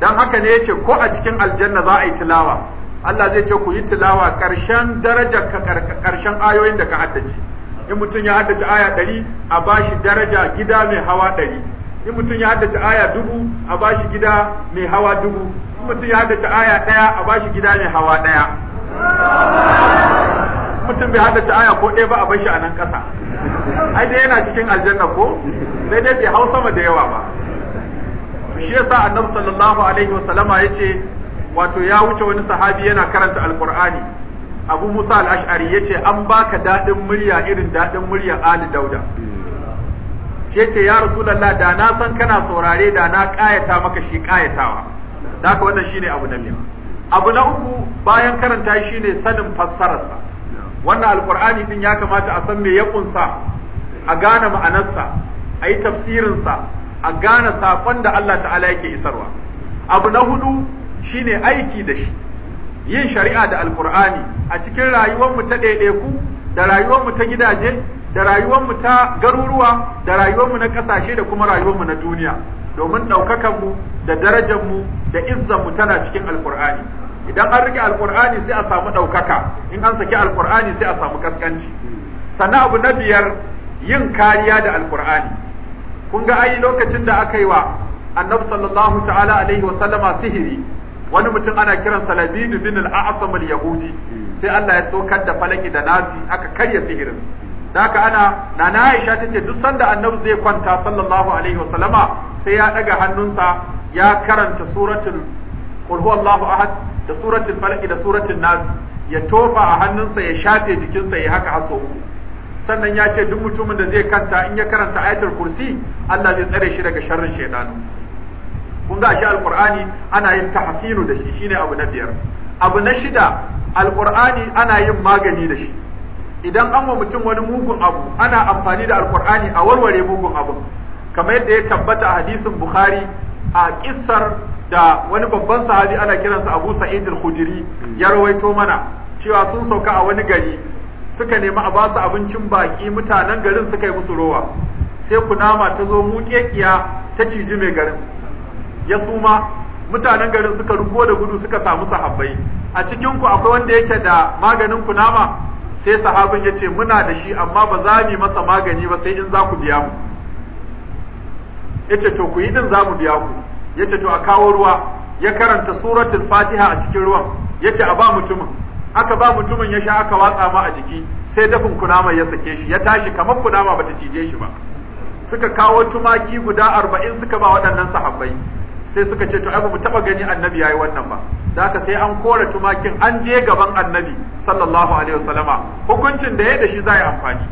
[SPEAKER 1] dan haka ne yace ko a cikin aljanna za a yi tilawa Allah zai ce ku yi tilawa karshen daraja, karshen ayoyin da ka haddace in mutum ya haddace aya 100 a bashi daraja gida mai hawa 100 in mutum ya haddace aya dubu a bashi gida mai hawa dubu in mutum ya haddace aya ɗaya a bashi gida mai hawa ɗaya mutum bai haddace aya ko ɗaya ba a bashi a nan ƙasa ai dai yana cikin aljanna ko daidai dai bai hau sama da yawa ba shi yasa annabi sallallahu alaihi wasallama yace wato ya wuce wani sahabi yana karanta alqur'ani abu musa al-ash'ari yace an baka dadin murya irin dadin murya ali dauda shi ce ya rasu lalla da na san kana saurare da na kayata maka shi kayatawa haka wannan ne abu na biyu abu na uku bayan karanta ne sanin fassararsa wannan alkur'ani din ya kamata a san me ya kunsa a gane ma'anarsa a yi tafsirinsa a gane saƙon da Allah ta'ala yake isarwa abu na hudu shi ne aiki da shi yin shari'a da alkur'ani a cikin rayuwarmu ta ɗaiɗaiku da rayuwarmu ta gidaje da rayuwarmu ta garuruwa da rayuwarmu na ƙasashe da kuma rayuwarmu na duniya domin ɗaukakanmu da darajarmu da izzanmu tana cikin alkur'ani idan an rike alkur'ani sai a samu ɗaukaka in an saki alkur'ani sai a samu ƙasƙanci. sannan abu na biyar yin kariya da alkur'ani kun ga ai lokacin da aka yi wa annabi sallallahu ta'ala alaihi wa sallama sihiri wani mutum ana kiransa labinu bin al-a'sam al-yahudi sai Allah ya sokar da falaki da nasi aka karya sihirin Daka ana nana Aisha ta ce duk sanda Annabi zai kwanta sallallahu alaihi wa sallama sai ya daga hannunsa ya karanta suratul qul huwallahu ahad da suratul falaq da suratul nas ya tofa a hannunsa ya shafe jikinsa ya haka haso sannan ya ce duk mutumin da zai kanta in ya karanta ayatul kursi Allah zai tsare shi daga sharrin shaytanu kun ga shi alqur'ani ana yin tahsinu da shi shine abu na biyar abu na shida alqur'ani ana yin magani da shi idan an wa mutum wani mugun abu ana amfani da alkur'ani a warware mugun abu kamar yadda ya tabbata a hadisin bukhari a kissar da wani babban sahabi ana kiransa abu sa'id al-khudri ya rawaito mana cewa sun sauka a wani gari suka nemi a basu abincin baki mutanen garin suka yi musu rowa sai kunama ta zo muƙeƙiya ta ciji mai garin ya suma mutanen garin suka rugo da gudu suka samu sahabbai a cikin ku akwai wanda yake da maganin kunama sai sahabin ya ce muna da shi amma ba za mu yi masa magani ba sai in za ku biya mu ya ce to ku yi din za mu biya ku ya ce to a kawo ruwa ya karanta suratul fatiha a cikin ruwan ya ce a ba mutumin aka ba mutumin ya sha aka watsa ma a jiki sai dafin kunama ya sake shi ya tashi kamar kunama bata cije shi ba suka kawo tumaki guda arba'in suka ba waɗannan sahabbai sai suka ce to ai mu taba gani annabi yayi wannan ba da haka sai an kora tumakin an je gaban annabi sallallahu alaihi wasallama hukuncin da ya da shi za yi amfani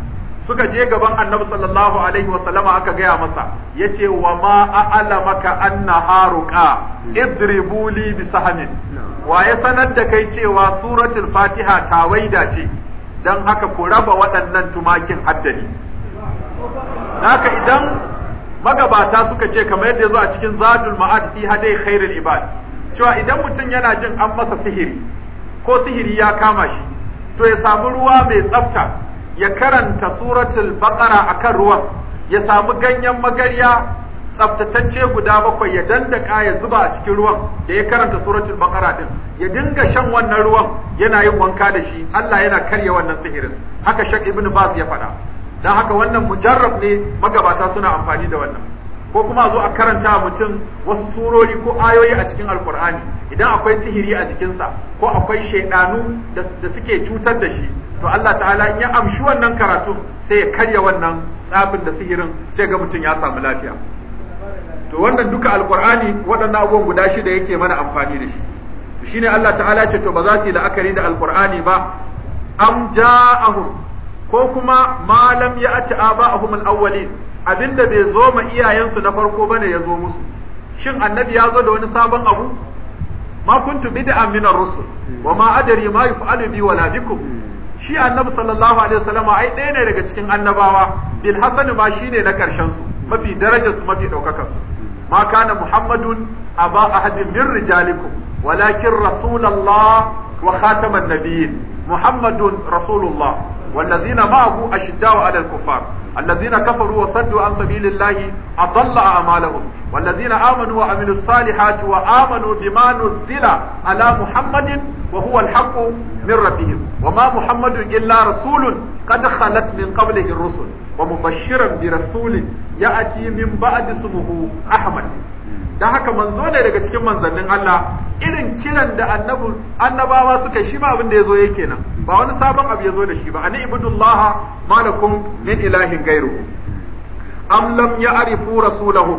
[SPEAKER 1] suka je gaban annabi sallallahu alaihi wasallama aka gaya masa yace wa ma a'lamaka anna haruqa idribu li bi sahamin wa ya sanar da kai cewa suratul fatiha ta waida ce dan haka ku raba waɗannan tumakin haddani haka idan magabata suka ce kamar yadda zo a cikin zadul ma'ad fi hadai khairul ibad cewa idan mutum yana jin an masa sihiri ko sihiri ya kama shi to ya samu ruwa mai tsafta ya karanta suratul baqara akan ruwan ya samu ganyen magarya tsaftatacce guda bakwai ya dandaka ya zuba a cikin ruwan da ya karanta suratul baqara din ya dinga shan wannan ruwan yana yin wanka da shi Allah yana karya wannan sihirin haka shak ibnu bas ya faɗa dan haka wannan mujarrab ne magabata suna amfani da wannan ko kuma zo a karanta mutum wasu surori ko ayoyi a cikin alkur'ani idan akwai sihiri a jikinsa ko akwai shaidanu da suke cutar da shi to Allah ta'ala in ya amshi wannan karatu sai ya karya wannan tsafin da sihirin sai ga mutum ya samu lafiya to wannan duka alkur'ani waɗannan abubuwan guda shida yake mana amfani da shi shine Allah ta'ala ce to ba za su yi la'akari da alkur'ani ba am ja'ahum ko kuma malam ya ati aba'ahum al-awwalin abinda bai zo ma iyayensu na farko bane ya zo musu shin annabi ya zo da wani sabon abu ma kuntu bid'an min ar-rusul wa ma adri ma yuf'alu bi wala bikum shi annabi sallallahu alaihi wasallam ai ɗaya ne daga cikin annabawa bil hasan ma shine na karshen su mafi darajar su mafi daukakar su ma kana muhammadun aba ahadin min rijalikum walakin rasulullah wa khataman nabiyyin muhammadun rasulullah والذين معه أشداء على الكفار الذين كفروا وصدوا عن سبيل الله أضل أعمالهم والذين آمنوا وعملوا الصالحات وآمنوا بما نزل على محمد وهو الحق من ربهم وما محمد إلا رسول قد خلت من قبله الرسل ومبشرا برسول يأتي من بعد اسمه أحمد da haka manzo ne daga cikin manzannin Allah irin kiran da annabu annabawa suka shi ba abin da yazo yake nan ba wani sabon abu yazo da shi ba ani ibudullaha malakum min ilahin gairu am lam ya'rifu rasulahu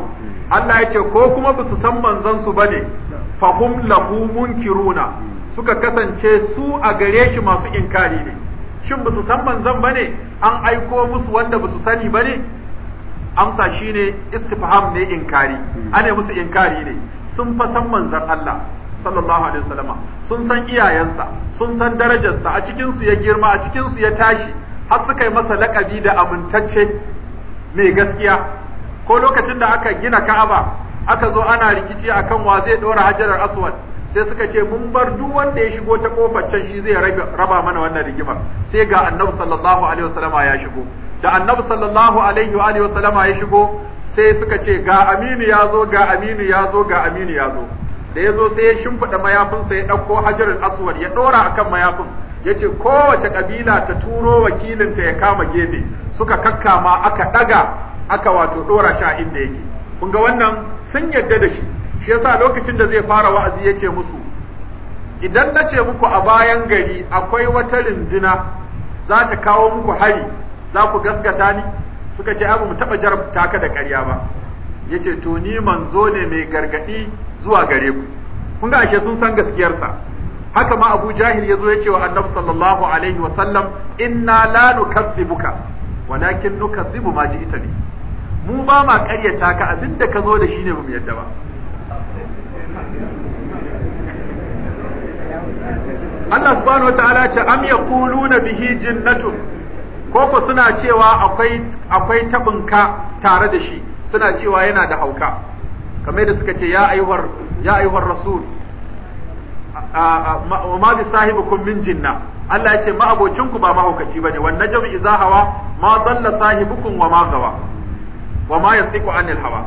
[SPEAKER 1] Allah yace ko kuma ba su san manzon su bane fahum lahu munkiruna suka kasance su a gare shi masu inkari ne shin ba su san manzon bane an aiko musu wanda ba su sani bane amsa shine istifham ne inkari hmm. ana musu inkari ne sun fa san manzon Allah sallallahu alaihi wasallam sun san iyayensa sun san darajarsa a cikin su ya girma a cikin su ya tashi har suka yi masa lakabi da amintacce mai gaskiya ko lokacin da aka gina Ka'aba aka zo ana rikici akan wa zai dora hajarar aswad sai suka ce mun bar duk wanda ya shigo ta kofar can shi zai raba mana wannan rigimar sai ga annabi sallallahu alaihi wasallam ya shigo da annabi sallallahu alaihi wa alihi ya shigo sai suka ce ga aminu ya zo ga aminu ya zo ga aminu ya zo da ya zo sai ya shimfiɗa mayafinsa ya ɗauko hajarul aswad ya ɗora akan mayafin ya ce kowace kabila ta turo wakilinta ya kama gefe suka kakkama aka ɗaga aka wato ɗora sha inda yake kun ga wannan sun yadda da shi shi yasa lokacin da zai fara wa'azi ya ce musu idan na ce muku a bayan gari akwai wata rinduna za ta kawo muku hari za ku gaskata ni suka ce abu mu taɓa jarabta ka da ƙarya ba yace to ni manzo ne mai gargaɗi zuwa gare ku kun ga ashe sun san gaskiyarsa haka ma Abu Jahil ya yace wa Annabi sallallahu alaihi wa sallam inna la nukazzibuka walakin nukazzibu ma ji'ta bi mu ba ma ƙaryata ka abinda ka zo da shi ne bamu yadda ba
[SPEAKER 3] Allah subhanahu wa ta'ala ce am
[SPEAKER 1] yaquluna bihi jinnatun ko ko suna cewa akwai akwai tabin ka tare da shi suna cewa yana da hauka kamar da suka ce ya ayyuhar ya ayyuhar rasul ma bi sahibukum min jinna Allah ya ce ma ku ba mahaukaci bane wan najm iza hawa ma dalla sahibukum wa ma gawa wa ma yantiqu anil hawa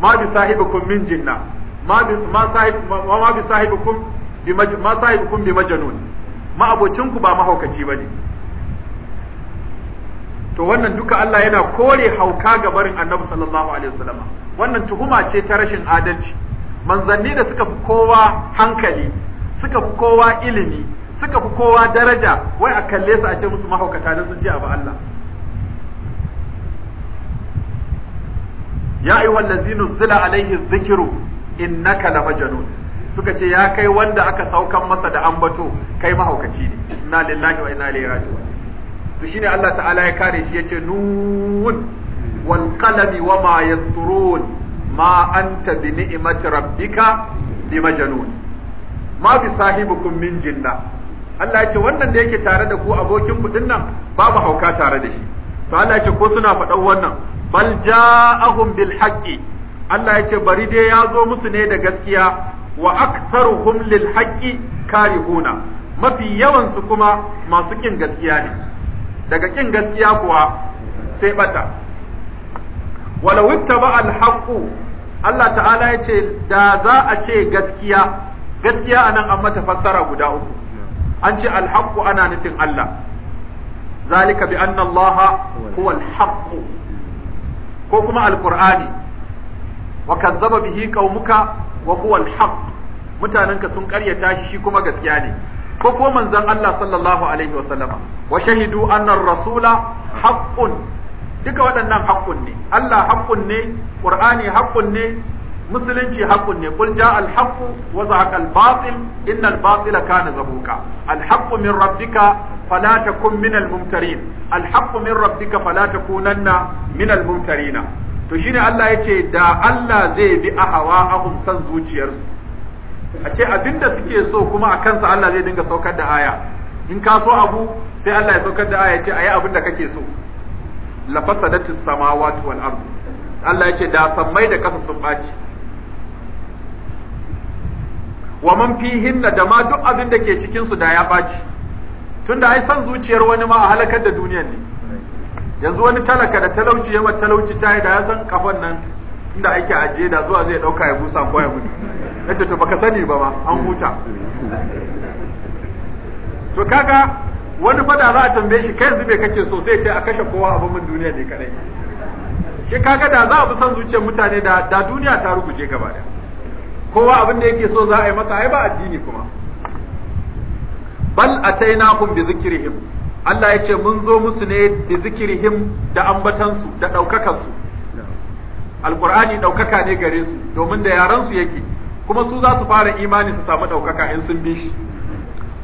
[SPEAKER 1] ma bi sahibukum min jinna ma bi ma sahib ma bi sahibukum bi ma sahibukum bi majnun ma ku ba mahaukaci bane to wannan duka Allah yana kore hauka ga barin annabi sallallahu alaihi wasallam wannan tuhuma ce ta rashin adalci manzanni da suka fi kowa hankali suka fi kowa ilimi suka fi kowa daraja wai a kalle su a ce musu mahaukata don sun ji abu Allah ya ayu wallazinu zila alaihi zikiru innaka la majnun suka ce ya kai wanda aka saukan masa da ambato kai mahaukaci ne inna lillahi wa inna ilaihi raji'un to shine Allah ta'ala ya kare shi yace nun wal qalami wama yasturun ma anta bi ni'mati rabbika bi majnun ma bi sahibukum min jinna Allah ya ce wannan da yake tare da ku abokin ku nan babu hauka tare da shi to Allah ya ce ko suna faɗan wannan bal ja'ahum bil haqqi Allah ya ce bari dai ya zo musu ne da gaskiya wa aktharuhum lil haqqi karihuna mafi yawan su kuma masu kin gaskiya ne daga kin gaskiya kuwa sai bata walau ittaba ba alhaƙu. Allah ta'ala ya ce da za a ce gaskiya gaskiya anan an mata fassara guda uku an ce alhaƙu ana nufin Allah zalika bi anna Allah huwa al ko kuma Alƙur'ani, wa kazzaba bihi qaumuka wa huwa al mutanenka sun karyata tashi, shi kuma gaskiya ne ko ko manzon Allah sallallahu alaihi wasallama wa shahidu anna rasula haqqun duka waɗannan haqqun ne Allah haqqun ne Qur'ani haqqun ne musulunci haqqun ne qul jaa al haqqu wa zahaqa al batil inna al batila kana zahuqa al haqqu min rabbika فلا تكن من الممترين الحق من ربك فلا تكونن من الممترين to shine Allah yace da Allah zai bi ahawa'ahum san zuciyarsu a ce abinda suke so kuma a kansa Allah zai dinga saukar da aya in ka so abu sai Allah ya saukar da aya ce ayi abin da kake so la fasadatu samawati wal Allah ya da sammai da kasa sun baci wa man fihinna da ma duk abin da ke cikin su da ya baci tunda ai san zuciyar wani ma a halakar da duniyar ne yanzu wani talaka da talauci yawa talauci tayi da ya san kafan nan inda ake ajiye da zuwa zai dauka ya busa ko ya mutu yace to baka sani ba ma an huta to kaga wani fada za a tambaye shi kai zube kace so sai ce a kashe kowa a bamin duniya ne kadai shi kaga da za a bi san zuciyar mutane da da duniya ta ruguje gaba daya kowa abin da yake so za a yi masa ai ba addini kuma bal atainahum bi zikrihim Allah ya ce mun zo musu ne da zikirihim da ambatansu da ɗaukakansu alqur'ani ɗaukaka ne gare su domin da yaran su yake kuma su za su fara imani su samu ɗaukaka in sun bi shi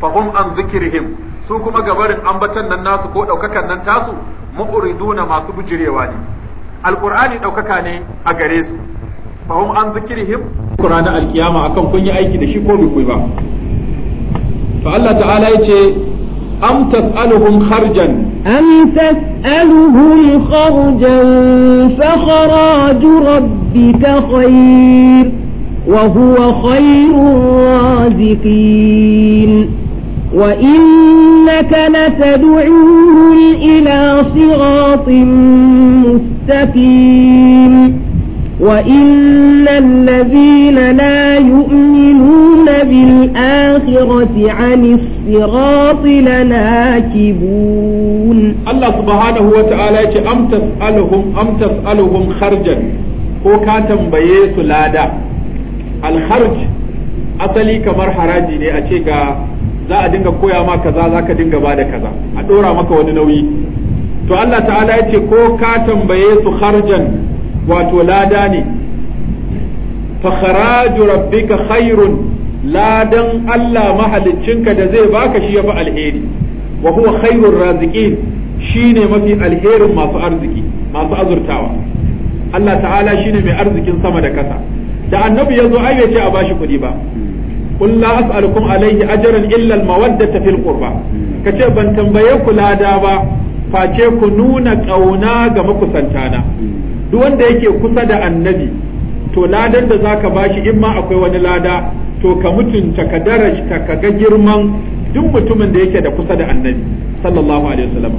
[SPEAKER 1] fahum an zikrihim su kuma gabarin ambatan nan nasu ko ɗaukakan nan tasu mu'riduna masu bujirewa ne alqur'ani ɗaukaka ne a gare su fahum an zikrihim ranar alkiyama akan kun yi aiki da shi ko bai ba to Allah ta'ala yace أم تسألهم خرجا
[SPEAKER 2] أم تسألهم خرجا فخراج ربك خير وهو خير الرازقين وإنك لتدعوهم إلى صراط مستقيم وإن الذين لا يؤمنون بالآخرة عن الصراط لناكبون
[SPEAKER 1] الله سبحانه وتعالى أم تسألهم أم تسألهم خرجا ko ka tambaye su lada alharj asali kamar haraji ne a ce ga za a dinga koya ma kaza za ka dinga ba da kaza a ɗora maka wani nauyi to Allah ta'ala ya ce ko ka tambaye su harjan wato lada ne fa kharaju rabbika khairun ladan Allah mahaliccinka da zai baka shi yafi alheri wa huwa khairur raziqin shine mafi alherin masu arziki masu azurtawa Allah ta'ala shine mai arzikin sama da kasa da annabi yazo ai bai ce a bashi kuɗi ba qul la as'alukum alayhi ajran illa al mawaddata fil qurba kace ban tambaye ku lada ba face ku nuna kauna ga makusantana duk wanda yake kusa da annabi to ladan da zaka bashi in ma akwai wani lada to ka mutunta ka darajta ka ga girman duk mutumin da yake da kusa da annabi sallallahu alaihi wasallam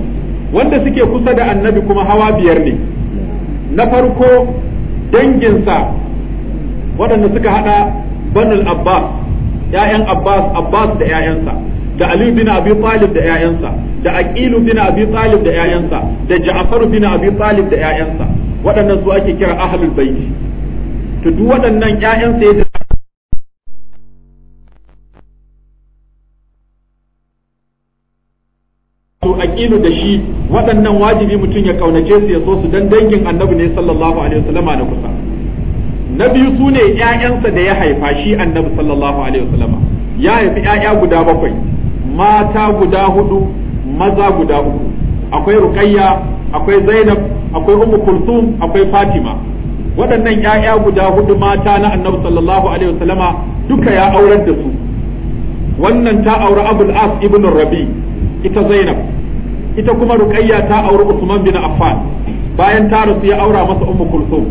[SPEAKER 1] wanda suke kusa da annabi kuma hawa biyar ne na farko danginsa waɗanda suka hada banul abbas ya'yan abbas abbas da ya'yansa da ali bin abi talib da ya'yansa da aqilu bin abi talib da ya'yansa da ja'far bin abi talib da ya'yansa waɗannan su ake kira ahlul baiti to duk waɗannan ƴaƴan sai to aqilu da shi waɗannan wajibi mutum ya kaunace su ya so su dan dangin annabi ne sallallahu alaihi wasallama da kusa na biyu su ne ƴaƴansa da ya haifa shi annabi sallallahu alaihi wasallama ya haifi ƴaƴa guda bakwai mata guda hudu maza guda uku akwai ruqayya akwai zainab akwai ummu kulthum akwai fatima waɗannan ‘ya'ya guda hudu mata na annabi sallallahu alaihi wasallama duka ya aurar da su wannan ta auri abul as ibn rabi ita zainab ita kuma ruqayya ta auri usman bin affan bayan ta rasu ya aura masa ummu kulthum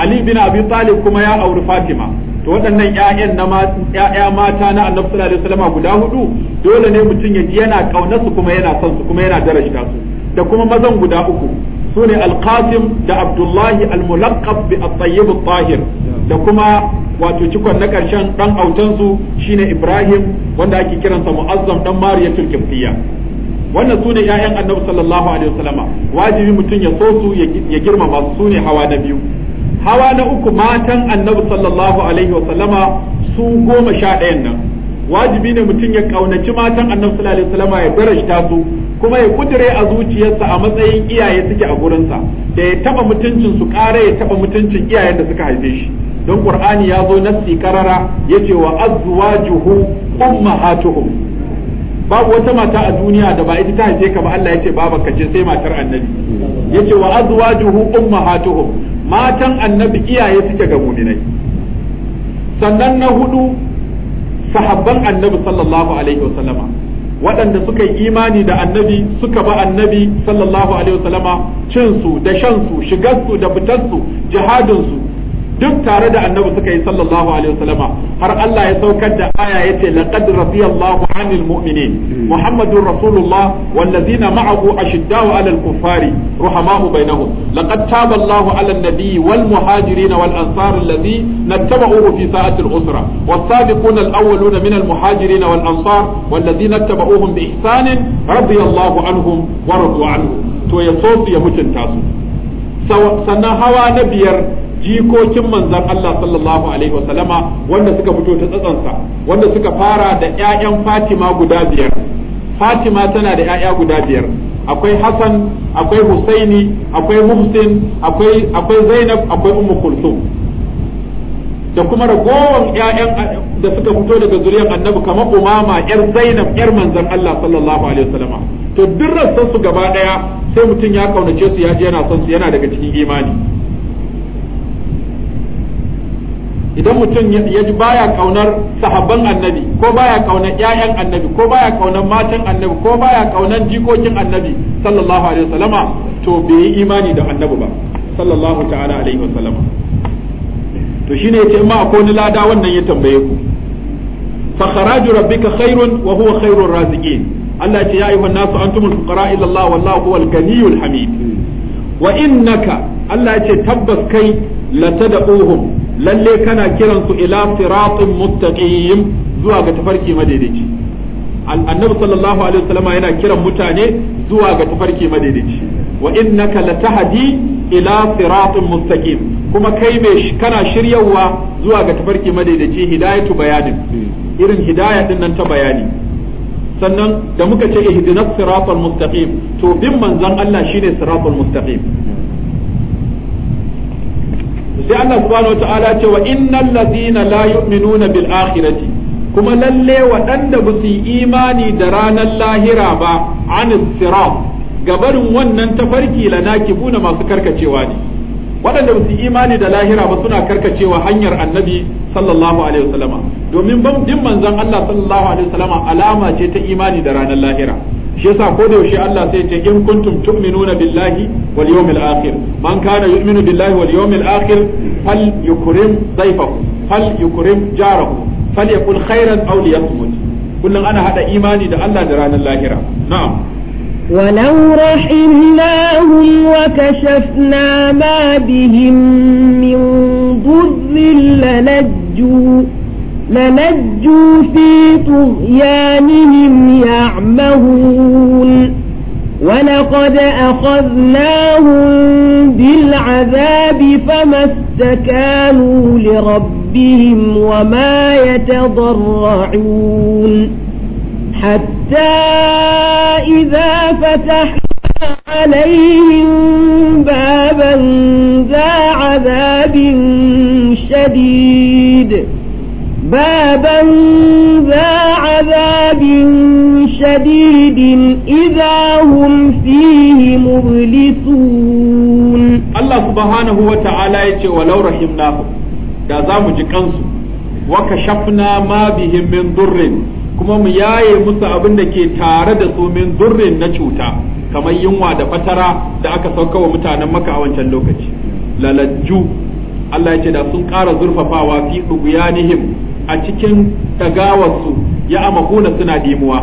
[SPEAKER 1] Ali bin Abi Talib kuma ya auri Fatima to waɗannan ƴaƴan na ƴaƴa mata na Annabi sallallahu alaihi wasallam guda hudu dole ne mutum ya ji yana kaunar su kuma yana son su kuma yana darajta su da kuma mazan guda uku sune Al-Qasim da Abdullahi al-Mulaqqab bi at-Tayyib at-Tahir da kuma wato cikon na ƙarshen dan autan su shine Ibrahim wanda ake kiransa Mu'azzam dan Mariyatul Qibtiyya wannan sune ƴaƴan Annabi sallallahu alaihi wajibi mutum ya so su ya girmama su sune hawa na biyu hawa na uku matan annabi sallallahu alaihi wa sallama su goma sha ɗayan nan wajibi ne mutum ya kaunaci matan annabi sallallahu alaihi wa sallama ya barashta su kuma ya kudire a zuciyarsa a matsayin iyaye suke a gurinsa da ya taba mutuncin su ƙara ya taba mutuncin iyayen da suka haife shi don qur'ani ya zo nassi karara yace wa azwajuhu ummahatuhum babu wata mata a duniya da ba ita ta haife ka ba Allah yace babanka ce sai matar annabi yace wa azwajuhu ummahatuhum matan annabi iyaye suke ga muminai sannan na hudu sahabban annabi sallallahu alaihi wasallama waɗanda suka yi imani da annabi suka ba annabi sallallahu alaihi wasallama cinsu da shansu shigarsu da fitarsu jihadinsu duk tare da annabi suka yi sallallahu alaihi wasallama har Allah ya saukar da aya yace laqad radiyallahu anil mu'minin hmm. muhammadur rasulullah wallazina ma'ahu ashiddau alal kuffari ruhamahu bainahum laqad taba Allahu alan nabi wal muhajirin wal ansar allazi nattaba'uhu fi sa'ati al usra was-sabiquna al awwaluna min al muhajirin wal ansar wallazina nattaba'uhum bi ihsanin radiyallahu anhum wa radu anhu to ya so ya mutunta su sannan hawa na biyar jikokin manzan Allah sallallahu alaihi wasallama wanda suka fito ta tsatsansa wanda suka fara da 'ya'yan Fatima guda biyar Fatima tana da 'ya'ya guda biyar akwai Hassan akwai Husaini akwai Muhsin akwai Zainab akwai Ummu Kulthum da kuma ragowar yayan da suka fito daga zuriyar Annabi kamar Umama yar Zainab 'yar manzan Allah sallallahu alaihi wasallama to duk rassansu gaba ɗaya sai mutum ya kaunace su ya je yana son su yana daga cikin imani idan mutum ya ji baya kaunar sahabban annabi ko baya kaunar ƴaƴan annabi ko baya kaunar matan annabi ko baya kaunar jikokin annabi sallallahu alaihi wasallama to bai yi imani da annabi ba sallallahu ta'ala alaihi wasallama to shine yace ma akwai wani lada wannan ya tambaye ku fa kharaju rabbika khairun wa huwa khairur raziqin Allah ce ya ayyuhan nasu antumul fuqara ila Allah wallahu huwal ganiyul hamid wa innaka Allah ya ce tabbas kai latad'uhum lalle kana kiransu ila siratin mustaqim zuwa ga tafarki madaidaici annabi sallallahu alaihi wasallam yana kiran mutane zuwa ga tafarki madaidaici wa innaka latahdi ila siratin mustaqim kuma kai mai kana shiryawa zuwa ga tafarki madaidaici hidayatu bayanin irin hidaya din nan ta bayani sannan da muka ce ihdinas siratal mustaqim to bin manzon Allah shine siratal mustaqim sai Allah subhanahu wataala ce wa innal ladina la yu'minuna bil akhirati kuma lalle waɗanda ba su yi imani da ranar lahira ba an sirat gabarin wannan tafarki lanaki buna masu karkacewa ne waɗanda ba su imani da lahira ba suna karkacewa hanyar annabi sallallahu alaihi wasallama domin ban din manzon Allah sallallahu alaihi wasallama alama ce ta imani da ranar lahira shi yasa ko da yaushe Allah sai ce in kuntum tu'minuna billahi wal yawmil akhir man kana yu'minu billahi wal yawmil akhir fal yukrim dayfahu fal yukrim jarahu fal yakul khairan aw liyasmut kullun ana hada imani da Allah da ranar lahira na'am
[SPEAKER 2] ولو رحمناهم وكشفنا ما بهم من ضر لنجوا لنجوا في طغيانهم يعمهون ولقد أخذناهم بالعذاب فما استكانوا لربهم وما يتضرعون حتى إذا فتحنا عليهم بابا ذا عذاب شديد بابا ذا عذاب شديد إذا هم فيه مبلسون
[SPEAKER 1] الله سبحانه وتعالى يتي ولو رحمناهم da za mu ji kansu wa kashafna ma min durrin kuma mu yaye musu abin da ke tare da su min durrin na cuta kamar yunwa da fatara da aka sauka wa mutanen maka a wancan lokaci Lalaju. Allah ya ce da sun ƙara zurfafawa fi ɗuguyanihim a cikin ɗagawarsu ya kuna suna dimuwa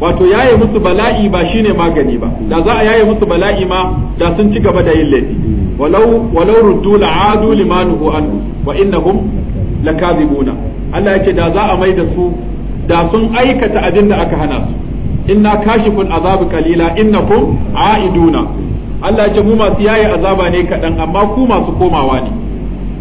[SPEAKER 1] wato yaye musu bala'i ba shine magani ba da za a yaye musu bala'i ma da sun ci gaba da yin laifi walau walau ruddu la'adu limanuhu anhu wa innahum lakazibuna Allah yake da za a mai da su da sun aikata abin da aka hana su inna kashifun azabi qalila innakum aiduna Allah yake mu masu yaye azaba ne kadan amma ku masu komawa ne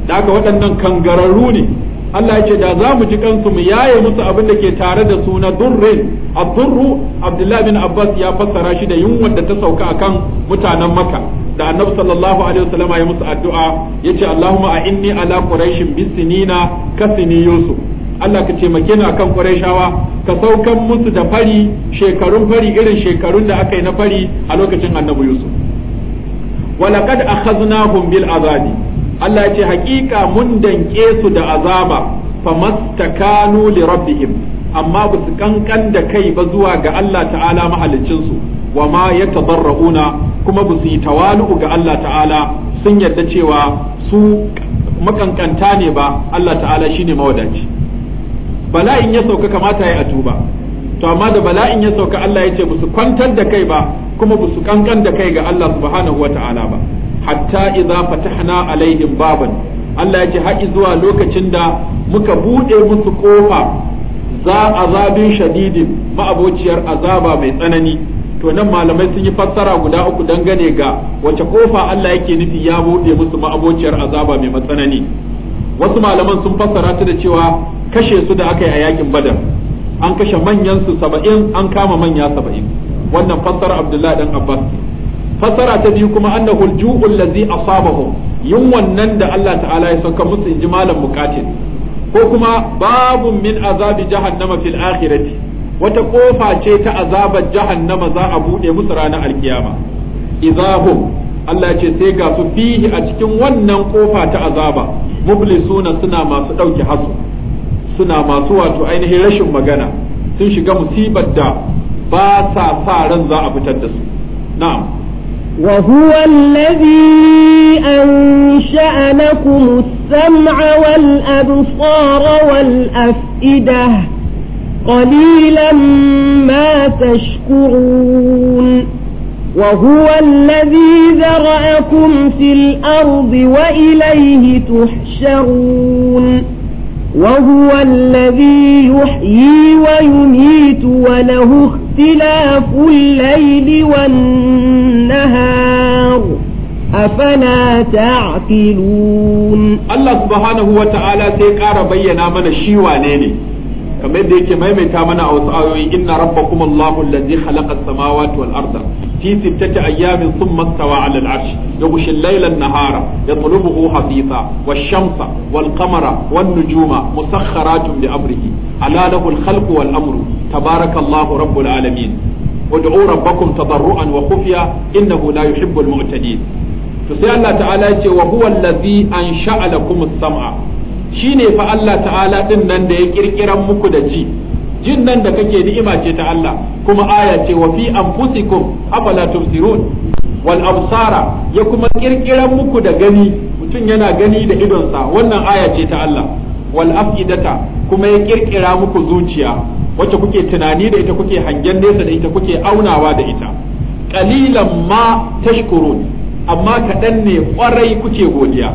[SPEAKER 1] daga waɗannan kangararru ne Allah ya ce da za mu ji kansu mu yaye musu abin da ke tare da su na durrin abdurru Abdullah bin Abbas ya fassara shi da yunwar da ta sauka akan mutanen Makka da Annabi sallallahu alaihi wasallam ya musu addu'a yace Allahumma a inni ala quraishin bisinina kasini yusuf Allah ka taimake ni akan Qurayshawa ka saukan musu da fari shekarun fari irin shekarun da aka yi na fari a lokacin Annabi Yusuf walaqad akhadnahum bil azabi Allah ya ce haƙiƙa mun danke su da azaba famastakanu li rabbihim amma ba su kankan da kai ba zuwa ga Allah ta'ala mahaliccinsu wa ma yatadarrauna kuma ba su yi tawalu ga Allah ta'ala sun yarda cewa su makankanta ne ba Allah ta'ala shine mawadaci bala'in ya sauka kamata ya atuba to amma da bala'in ya sauka Allah ya ce ba su kwantar da kai ba kuma ba su kankan da kai ga Allah subhanahu wa ta'ala ba hatta idza fatahna alaihim baban Allah ya ce har zuwa lokacin da muka buɗe musu ƙofa za azabin shadidin ma'abociyar azaba mai tsanani to nan malamai sun yi fassara guda uku dangane ga wace kofa Allah yake nufi ya buɗe musu ma'abociyar azaba mai matsanani wasu malaman sun fassara ta da cewa kashe su da aka yi a yakin badar an kashe manyan su saba'in an kama manya saba'in wannan fassara abdullahi dan abbas fassara ta biyu kuma annahu al-ju'u allazi asabahum yunwan nan da Allah ta'ala ya sauka musu inji malam bukatin ko kuma babu min azabi jahannama fil akhirati wata ƙofa ce ta azabar jahannama za a bude musu rana alkiyama izaho Allah ce sai ga su fihi a cikin wannan kofa ta azaba mublisuna suna masu ɗauke hasu suna masu wato ainihin rashin magana sun shiga musibar da ba sa sa ran za a fitar da su na'am
[SPEAKER 2] وهو الذي أنشأ لكم السمع والأبصار والأفئدة قليلا ما تشكرون وهو الذي ذرأكم في الأرض وإليه تحشرون وهو الذي يحيي ويميت وله واختلاف الليل والنهار أفلا تعقلون
[SPEAKER 1] الله سبحانه وتعالى سيقار بينا من الشيوى نيني كما يديك ما يميتا من أوسعوي إن ربكم الله الذي خلق السماوات والأرض في ستة أيام ثم استوى على العرش يغشي الليل النهار يطلبه حثيثا والشمس والقمر والنجوم مسخرات بأمره ألا له الخلق والأمر تبارك الله رب العالمين ادعوا ربكم تضرعا وخفيا إنه لا يحب المعتدين فسي الله تعالى وهو الذي أنشأ لكم السمع shine fa Allah ta'ala din nan da ya kirkiran muku da ji jin nan da kake ni'ima ce ta Allah kuma aya ce wa fi anfusikum afala tubsirun wal absara ya kuma kirkiran muku da gani mutum yana gani da idonsa wannan aya ce ta Allah wal afidata kuma ya kirkira muku zuciya wacce kuke tunani da ita kuke hangen nesa da ita kuke aunawa da ita qalilan ma tashkurun amma kadan ne kwarai kuke godiya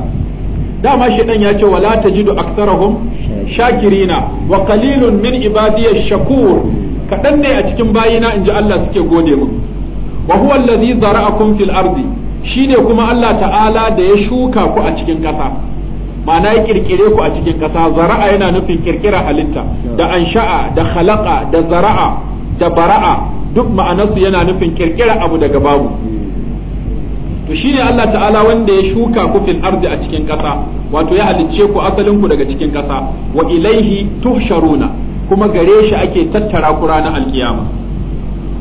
[SPEAKER 1] dama shedan ya ce wala tajidu aktsarahum shakirina wa qalilun min ibadiyash shakur kadan ne a cikin bayina inji Allah suke gode mu wa huwa allazi zara'akum fil ardi shine kuma Allah ta'ala da ya shuka ku a cikin kasa ma'ana ya kirkire ku a cikin kasa zara'a yana nufin kirkira halitta da ansha'a da khalaqa da zara'a da bara'a duk ma'anarsu yana nufin kirkira abu daga babu to shine Allah ta'ala wanda ya shuka ku fil ardi a cikin ƙasa wato ya halicce ku asalin ku daga cikin ƙasa wa ilaihi tuhsharuna kuma gare shi ake tattara ku ranar alkiyama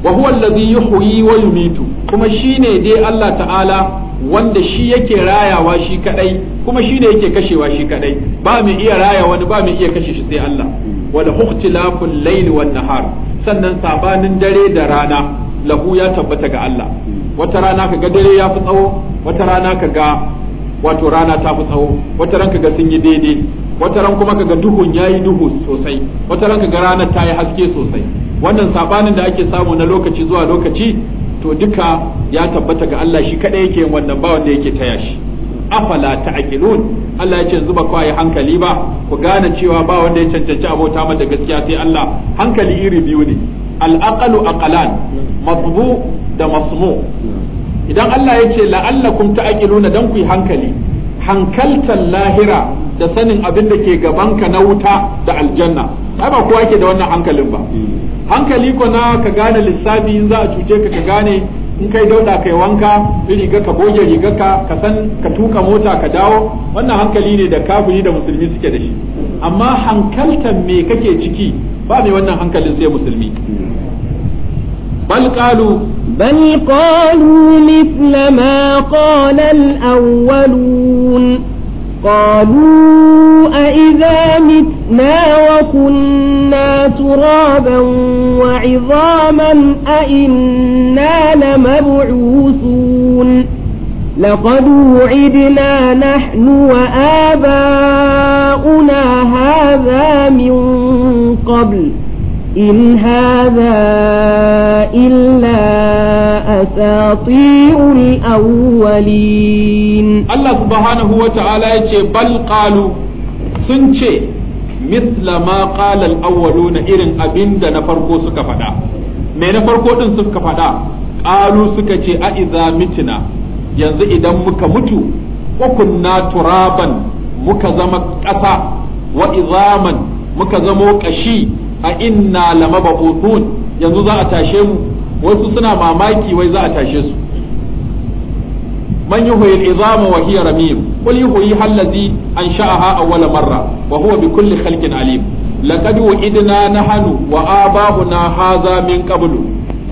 [SPEAKER 1] wa huwa allazi yuhyi wa yumitu kuma shine dai Allah ta'ala wanda shi yake rayawa shi kadai kuma shine yake kashewa shi kadai ba mu iya raya wani ba mu iya kashe shi sai Allah wa la ikhtilaful layli wan nahar sannan sabanin dare da rana lahu ya tabbata ga Allah wata rana ka ga dare ya fi tsawo wata rana ka ga wato rana ta fi tsawo wata ran ka ga sun yi daidai wata ran kuma ka ga duhun ya yi duhu sosai wata ran ka ga ranar ta yi haske sosai wannan sabanin da ake samu na lokaci zuwa lokaci to duka ya tabbata ga Allah shi kadai yake yin wannan ba wanda yake taya shi afala ta'qilun Allah ya ce zuba ku hankali ba ku gane cewa ba wanda ya cancanci abota mata gaskiya sai Allah hankali iri biyu ne al-aqalu aqalan matbu da masmu idan Allah ya ce la'allakum ta'qiluna dan ku yi hankali hankaltan lahira da sanin abin da ke ka na wuta da aljanna ai ba kowa yake da wannan hankalin ba hankali ko na ka gane lissafi in za a cuce ka ka gane in kai dauda kai wanka riga ka goge riga ka ka san ka tuka mota ka dawo wannan hankali ne da kafiri da musulmi suke da shi amma hankaltan me kake ciki ba mai wannan hankalin sai musulmi بل
[SPEAKER 2] قالوا بل قالوا مثل ما قال الأولون قالوا أإذا متنا وكنا ترابا وعظاما أإنا لمبعوثون لقد وعدنا نحن وآباؤنا هذا من قبل إن هذا إلا أساطير الأولين
[SPEAKER 1] الله سبحانه وتعالى بل قالوا سنشي مثل ما قال الأولون إرن أبند نفرقو سكفدا me na farko din suka faɗa ƙalu suka ce a iza mitina yanzu idan muka mutu ukunna turaban muka zama ƙasa wa izaman muka zamo ƙashi a inna lamabaqutun yanzu za a tashe mu wasu suna mamaki wai za a tashe su man yuhyi al-izama wa hiya ramim qul yuhyi allazi ansha'aha awwala marra wa huwa bi kulli khalqin alim laqad na nahnu wa aba'una hadha min qablu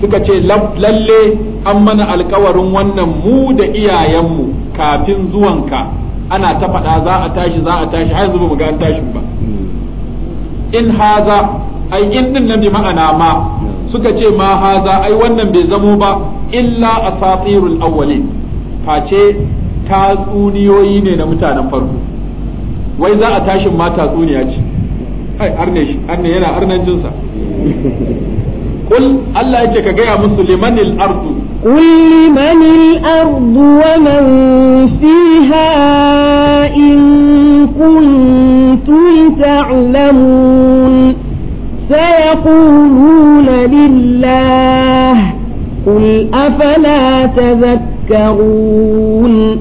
[SPEAKER 1] suka ce lalle an mana alkawarin wannan mu da iyayenmu kafin zuwanka ana ta faɗa za a tashi za a tashi har yanzu ba mu ga an tashi ba
[SPEAKER 3] hmm.
[SPEAKER 1] in haza ai in din nan bi ma'ana ma suka ce ma haza ai wannan bai zamo ba illa asatirul awwalin face tatsuniyoyi ne na mutanen farko wai za a tashin ma tatsuniya ce ai arne shi arne yana arnancin sa قل الله يجيك جاي لمن الأرض
[SPEAKER 2] قل لمن الأرض ومن فيها إن كنتم تعلمون سيقولون لله قل أفلا تذكرون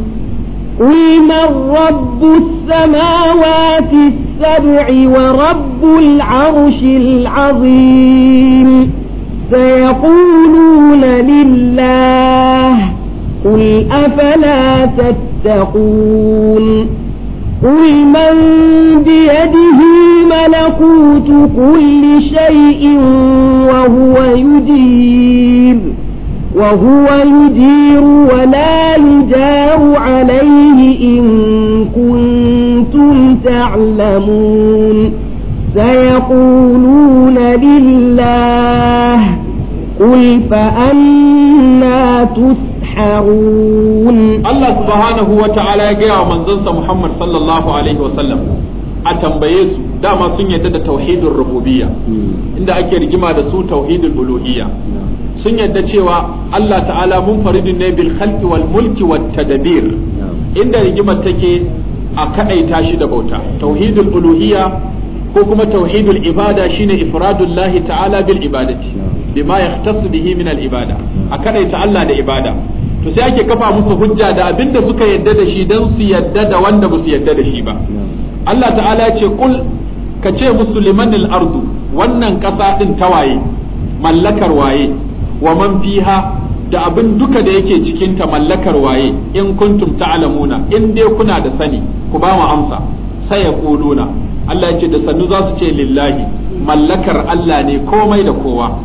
[SPEAKER 2] قل من رب السماوات السبع ورب العرش العظيم سيقولون لله قل أفلا تتقون قل من بيده ملكوت كل شيء وهو يدير وهو يدير ولا يجار عليه إن كنتم تعلمون سيقولون لله قل فأنا تسلمون تسحرون الله سبحانه
[SPEAKER 1] وتعالى يا من زنس محمد صلى الله عليه وسلم أتنبيس da سنة توحيد الربوبية عند أكي da su توحيد الألوهية sun yadda cewa Allah ta'ala mun faridin ne bil khalqi wal mulki wat tadbir hmm. inda rigimar take a shi da bauta tauhidul uluhiyya ko kuma tauhidul ibada shine ifradullahi ta'ala bil ibadati hmm. bima yahtassu bihi min al ibada a kaɗaita Allah da ibada to sai ake kafa musu hujja da abinda suka yadda da shi don su yadda da wanda ba su yadda da shi ba Allah ta'ala ya ce kul ka ce musulman ardu wannan ƙasa ɗin tawaye mallakar waye wa man fiha da abin duka da yake ta mallakar waye in kuntum ta'lamuna in dai kuna da sani ku ba mu amsa sai ya kuluna Allah ya ce da sannu za su ce lillahi mallakar Allah ne komai da kowa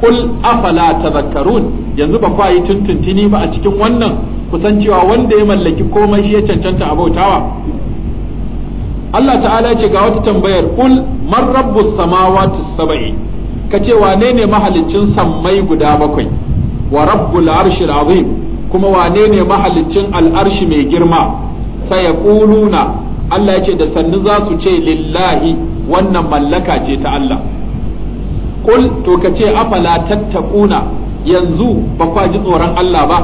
[SPEAKER 1] kul afala tadhakkarun yanzu ba kwa yi tuntuntuni ba a cikin wannan kusancewa wanda ya mallaki komai shi ya cancanta a bautawa Allah ta'ala ce ga wata tambayar kul man rabbus samawati sab'i kace wane ne mahalicin sammai guda bakwai wa rabbul arshi azim kuma wane ne mahalicin al'arshi mai girma sai ya Allah ya ce da sannu za su ce lillahi wannan mallaka ce ta Allah kul to kace afala tattakuna. yanzu ba kwa ji tsoron Allah ba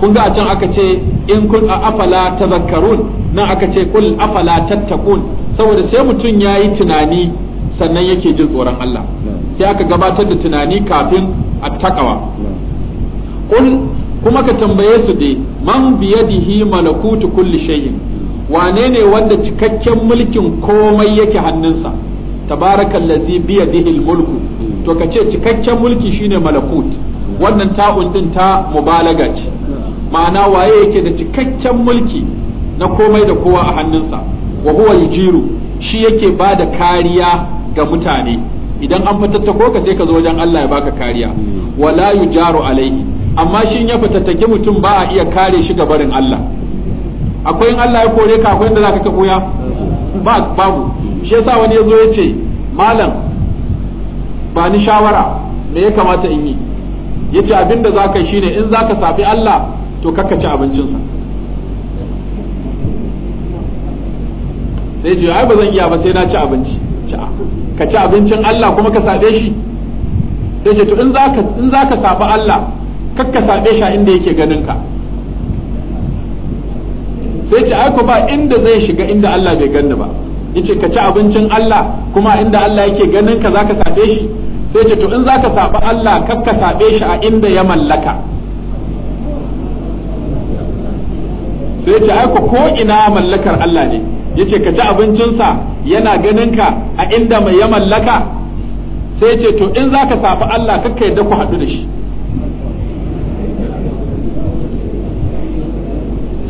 [SPEAKER 1] kun ga a can aka ce in kun afala tazakkarun nan aka ce kul afala tattakun saboda sai mutum ya yi tunani sannan yake jin tsoron Allah sai aka gabatar da tunani kafin takawa kun kuma ka tambaye su dai man biyadihi malakutu kulli shay'in wane ne wanda cikakken mulkin komai yake hannunsa tabarakallazi biyadihi almulku to kace cikakken mulki shine malakut wannan ta'un din ta mubalaga ce ma'ana waye yake da cikakken mulki na komai da kowa a hannunsa wa huwa yujiru shi yake ba da kariya ga mutane idan an fatattako ka sai ka zo wajen Allah ya baka kariya wala yujaru alaihi amma shin ya fatattake mutum ba a iya kare shi ga barin Allah akwai in Allah ya kore ka akwai inda zaka ka koya ba babu shi yasa wani ya zo ya ce malam ba ni shawara me ya kamata in yi yace abinda zaka yi shine in zaka safi Allah to kakka ci abincinsa sai ce ai ba zan iya ba sai na ci abinci ka ci abincin Allah kuma ka saɓe shi sai ce to in zaka in zaka sabi Allah kakka sabe shi a inda yake ganin ka sai ce ai ba inda zai shiga inda Allah bai ganni ba yace ka ci abincin Allah kuma inda Allah yake ganin ka zaka shi sai ce to in zaka saba Allah kar ka sabe shi a inda ya mallaka
[SPEAKER 3] sai ce ai ko ina mallakar Allah ne yace ka ci abincinsa yana ganin
[SPEAKER 1] ka a inda mai ya mallaka sai ce to in zaka saba Allah kar ka yadda ku haɗu da shi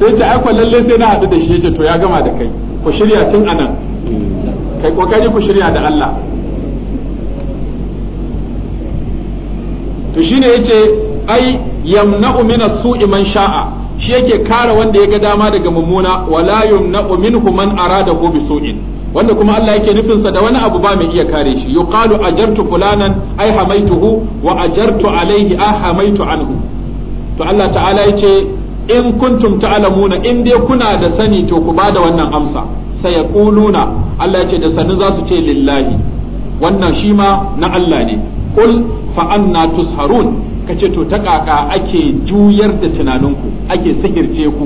[SPEAKER 1] sai ce ai lalle sai na haɗu da shi yace to ya gama da kai ku shirya tun anan kai kokari ku shirya da Allah to shine yace ai yamna'u min as-su'i man sha'a shi yake kare wanda ya ga dama daga mummuna wala yumna'u minhu man arada da bi su'in wanda kuma Allah yake nufin sa da wani abu ba mai iya kare shi yuqalu ajartu fulanan ai hamaituhu wa ajartu alayhi ah hamaitu anhu to Allah ta'ala yace in kuntum ta'lamuna in dai kuna da sani to ku bada wannan amsa sayaquluna Allah yace da sanin za su ce lillahi wannan shi ma na Allah ne qul fa anna tusharun kace to ta kaka ake juyar da tunaninku ake sihirce ku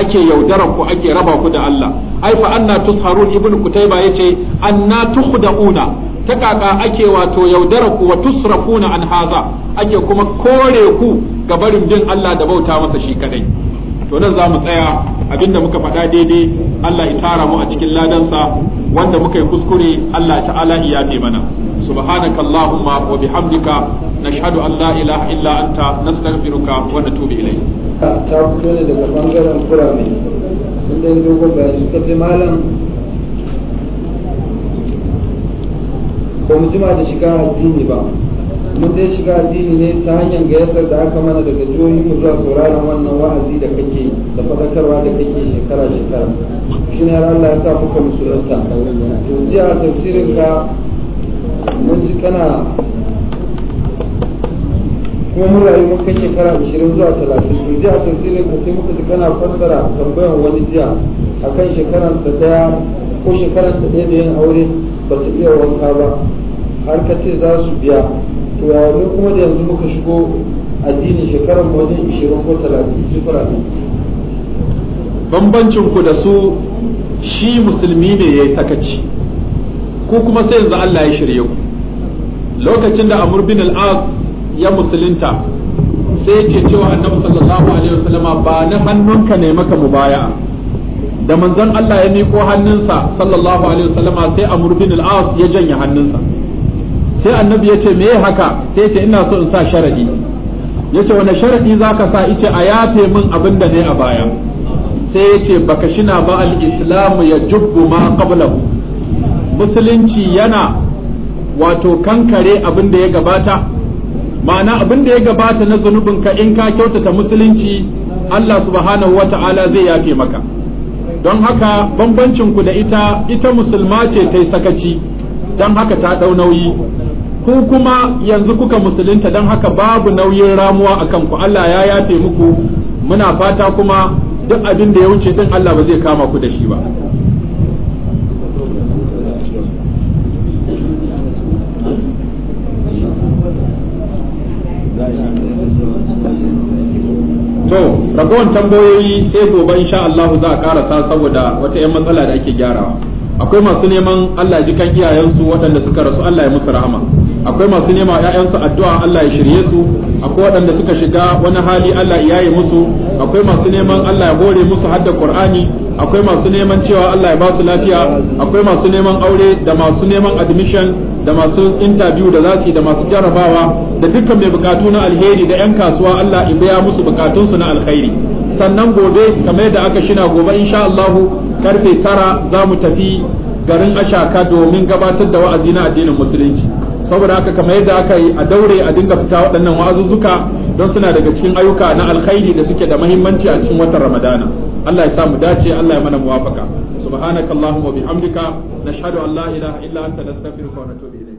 [SPEAKER 1] ake yaudarar ku ake raba ku da Allah ai fa anna tusharun ibnu kutayba yace anna tukhdauna ta kaka ake wato yaudarar ku wa tusrafuna an haza ake kuma kore ku ga barin bin Allah da bauta masa shi kadai to nan za mu tsaya abinda muka faɗa daidai Allah ya tara mu a cikin ladansa wanda muka yi kuskure Allah ta'ala ya yafe mana subhanaka allahumma wa bihamdika nashhadu an la ilaha illa anta nastaghfiruka wa natubu ilayk
[SPEAKER 3] ta fito ne daga bangaren kurame
[SPEAKER 1] inda ya dogo bayani ta fi malam ba mu jima da shiga addini ba mun dai shiga addini ne ta hanyar gayyatar da aka mana daga jihohi mu zuwa sauraron wannan wa'azi da kake da fadakarwa da kake shekara shekara shi ne Allah ya sa muka musulunta to jiya tafsirin ka mun ji kana kuma mun rayu mun kai shekara ashirin zuwa talatin to jiya tafsirin ka sai muka ji kana fassara tambayar wani jiya a kan shekaran ta daya ko shekaran ta daya da yin aure ba ta iya wanka ba har ka ce za su biya to ya kuma da yanzu muka shigo addinin shekarar wajen ishirin ko talatin shekara ne bambancin ku da su shi musulmi ne ya yi takaci ko kuma sai yanzu Allah ya shirye ku lokacin da Amr bin al-As ya musulunta sai yake cewa Annabi sallallahu alaihi wasallam ba na hannunka ne maka mubaya'a da manzon Allah ya miko hannunsa sallallahu alaihi wasallam sai Amr bin al-As ya janye hannunsa sai annabi ya ce meye haka sai ce ina so in sa sharadi ya ce wani sharadi za ka sa ice a yafe min abin da ne a baya sai ya ce baka shina ba al islam ya jubbu ma qablahu musulunci yana wato kankare abin da ya gabata ma'ana abin da ya gabata na zunubinka in ka kyautata musulunci Allah subhanahu wa ta'ala zai yafe maka don haka bambancinku da ita ita musulma ce ta yi sakaci don haka ta ɗau nauyi ku kuma yanzu kuka musulunta don haka babu nauyin ramuwa a kanku Allah ya yafe muku muna fata kuma duk abin da ya wuce din Allah ba zai kama ku da shi ba to ragowar tambayoyi sai gobe sha Allah za a karasa saboda wata 'yan matsala da ake gyarawa akwai masu neman Allah jikan iyayensu waɗanda suka rasu Allah ya musu rahama akwai masu nema ƴaƴansu addu'a Allah ya shirye su akwai waɗanda suka shiga wani hali Allah ya yi musu akwai masu neman Allah ya hore musu hadda Qur'ani akwai masu neman cewa Allah ya ba su lafiya akwai masu neman aure da masu neman admission da masu interview da za su da masu jarabawa da dukkan mai bukatu na alheri da 'yan kasuwa Allah ya biya musu bukatunsu na alkhairi sannan gobe kamar yadda aka shina gobe insha Allah karfe tara za mu tafi garin Ashaka domin gabatar da wa'azi na addinin musulunci saboda haka kamar yadda aka yi a daure a dinga fita waɗannan wa'azuzzuka don suna daga cikin ayyuka na alkhairi da suke da muhimmanci a cikin watan ramadana Allah ya sa mu dace Allah ya mana muwafaka subhanakallahumma wa bihamdika nashhadu an la ilaha illa anta nastaghfiruka wa natubu